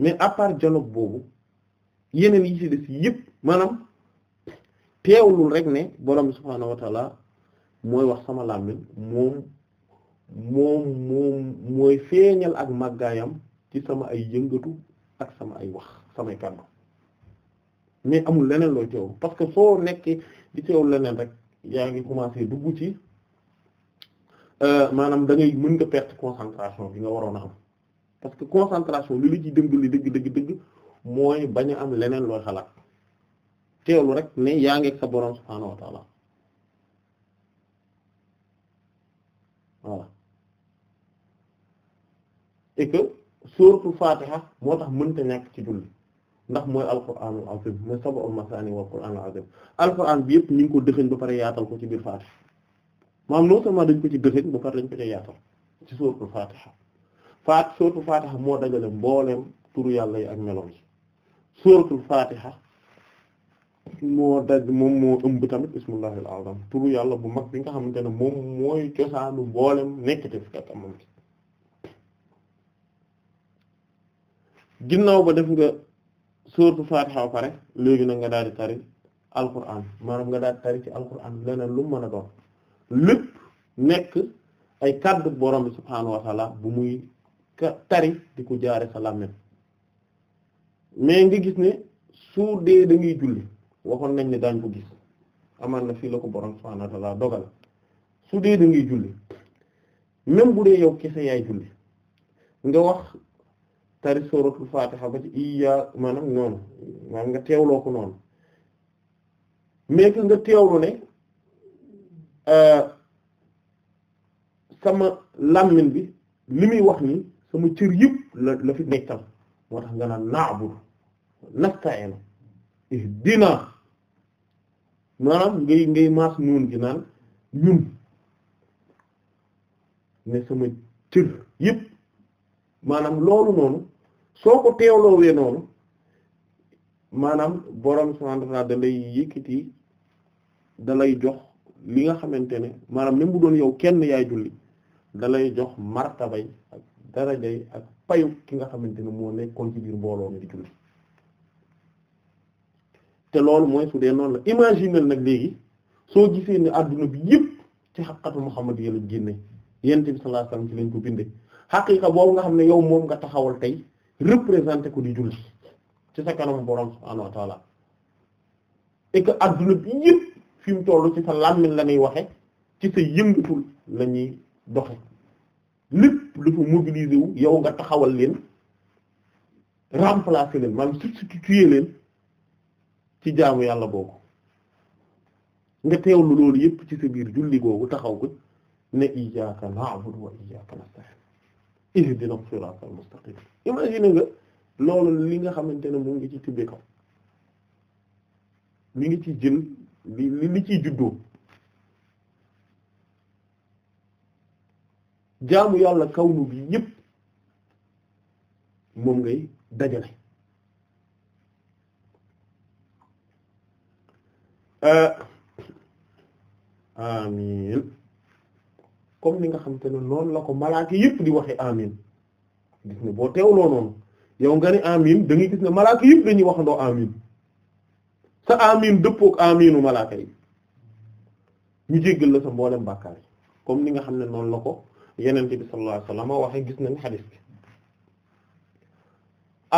mais à part boobu yeneen yi ci des yëpp maanaam teewlul rek ne borom subhaanahu wa taala mooy wax sama làmmiñ moom moom moom mooy feeñal ak màggaayam ci sama ay yëngatu ak sama ay wax samay kàddu mais amul leneen looy teewlu parce que soo nekkee di teewlu leneen rek yaa ngi commencer dugg ci Euh, maanaam da ngay mën nga perte concentration bi nga waroon a am parce que concentration li li ci dëngli dëgg dëgg dëgg mooy bañ a am leneen looy xalaat teewlu rek ne yaa ngi ak sa borom subhaanahu wa ta'ala voilà et que suratul fatiha moo tax mënta nekk ci julli ndax mooy alquraanul azim mooy sab'ul masaani wal qur'aanul azim alquraan bi yëpp ñu ngi ko dëxëñ ba pare yaatal ko ci biir fatiha maam non seulement dañ ko ci dëxëñ ba pare dañ ko ci yaatal ci suratul fatiha faat suratul fatiha moo dajale mbooleem turu yàlla yi ak meloom yi suratul fatiha moo daj moom moo ëmb tamit bismillahil azam turu yàlla bu mag bi nga xamante ne moom mooy cosaanu mboolem nekk te kat amam ci ginnaaw ba def nga suratul fatiha ba pare léegi nag nga daal di tari alquran maanaam nga daal di tari ci alquran leneen lu mën a doon lépp nekk ay kaddu borom bi subhaanahu wa bu muy tari di ko jaare sa làmmiñ mais nga gis ne su dee da ngay julli waxoon nañ ne daan ko gis amaan na fi la ko borom subhaanahu wa dogal su dee da ngay julli même bu dee yow kese yaay julli nga wax tari suratul fatiha ba ci iya maanaam noonu maanaam nga teewloo ko noonu mais que nga teewlu ne Euh, sama làmmiñ bi li muy wax ni sama cër yëpp la la fi nekkal moo tax nga naan na'budu nasta'inu ihdina maanaam ngay ngay maas nuun gi naan ñun ne sama cër yëpp maanaam loolu noonu soo ko teewloowee noonu maanaam borom subhanahu wa dalay da lay jox li nga xamante ne maanaam même bu doon yow kenn yaay julli dalay jox martabay ak darajay ak payu ki nga xamante ne moo nekkoon ci biir mbooloo mi di julli te loolu mooy su dee noonu la imaginer nag léegi soo gisee ne àdduna bi yëpp ci xaqatu Muhammad yàlla génne yent bi sallallahu alayhi wasallam ci lañ ko bindee nga xam ne yow moom nga taxawal tey représenté ko di julli ci sa kanam borom subhaanahu wa taala et bi yëpp fi mu toll ci sa làmmiñ la ñuy waxe ci sa yëngatul la ñuy doxe lépp dafa mobiliser wu yow nga taxawal leen remplacer leen maanaam substituer leen ci jaamu yàlla boobu nga lu loolu yépp ci sa biir julli googu taxaw ko ne iyyaka na'budu wa iyyaka nasta'in ihdinas siratal mustaqim imagine nga loolu li nga xamante ne mu ngi ci tibbee kaw mi ngi ci jël li li ciy juddoo jaamu yàlla kawnu bi yépp moom ngay dajale eh, amin comme ni nga xam te ne noonu la ko malaaka yëpp di waxe amin gis ne boo teewloo noonu yow nga ne amin da ngay gis ne malaaka yépp dañuy waxandoo amin sa amiin dëppook amiinu malaaka yi ñu jéggal na sa mboolem bàkkaar yi comme ni nga xam ne noonu la ko yenente bi sallallahu alayhi wasallam waxe gis nañ xadis bi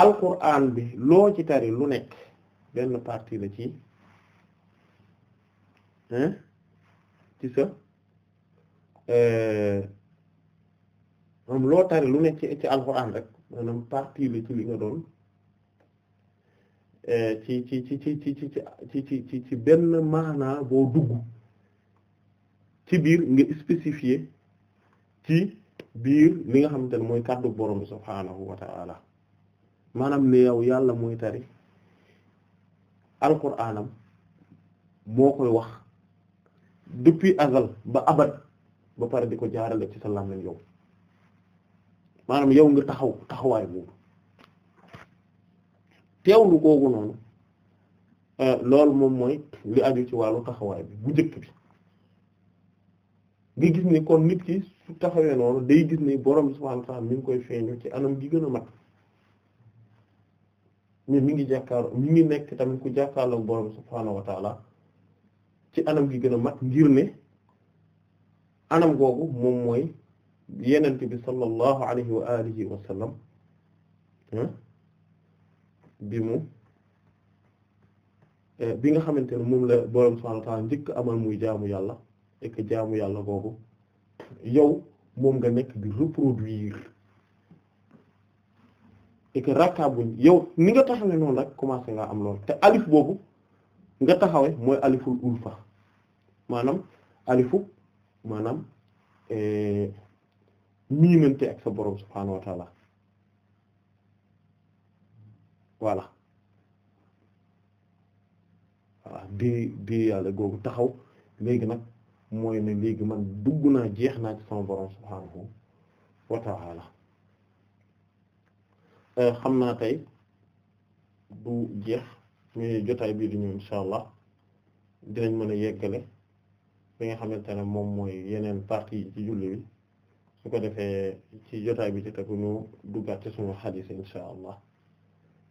alquran bi loo ci tari lu nekk benn parti la ci ci sa euh, moom loo tari lu nekk ci ci alquran rek maanaam partie la ci li nga doon Eh, ci ci ci ci ci ci ci ci ci benn maana boo dugg ci biir nga spécifier ci biir li nga xamante ne mooy kàddu borom subhaanahu wa ta'ala maanaam ne yow yàlla mooy tari alquraanam moo koy wax depuis azal ba abad ba pare di ko jaarale ci sa làmmiñ yow maanaam yow nga taxaw taxawaay boobu teewlu googu noonu euh, lool moom mooy li aju ci wàllu taxawaay bi bu njëkk bi nga gis ni kon nit ki su taxawee noonu day gis ni borom bi wa ta'aala mi ngi koy feeñu ci anam gi gën a mat mais mi ngi jàkkaar mi ngi nekk tamit ku jàkkaarloo borom subhaanahu wa ta'aala ci anam gi gën a mat ngir ne anam googu moom mooy yenent bi sallallahu alayhi wa bi mu eh, bi nga xamante ne moom la borom subhaanahu wa ta'aala njëkk amal muy jaamu yàlla et jaamu yàlla googu yow moom nga nekk di reproduire et que rakka bu yow ni nga taxawee noonu rek commencé nga am loolu te alif boobu nga taxawee mooy aliful ulfa maanaam alifu maanaam eh, miinante ak sa borom subhaanahu wa ta'aala voilà voilà di di yàlla googu taxaw léegi nag mooy ne léegi man dugg naa jeex naa ci sama borom subhaanahu wa ta'ala euh, xam naa tey bu jeex mais jotaay bii di ñëw insha allah dinañ mën a yeggale bi nga xamante ne moom mooy yeneen partie yi ci julli bi su ko defee ci jotaay bi ci tegu ñu duggaat ci suñu xadiis insha allah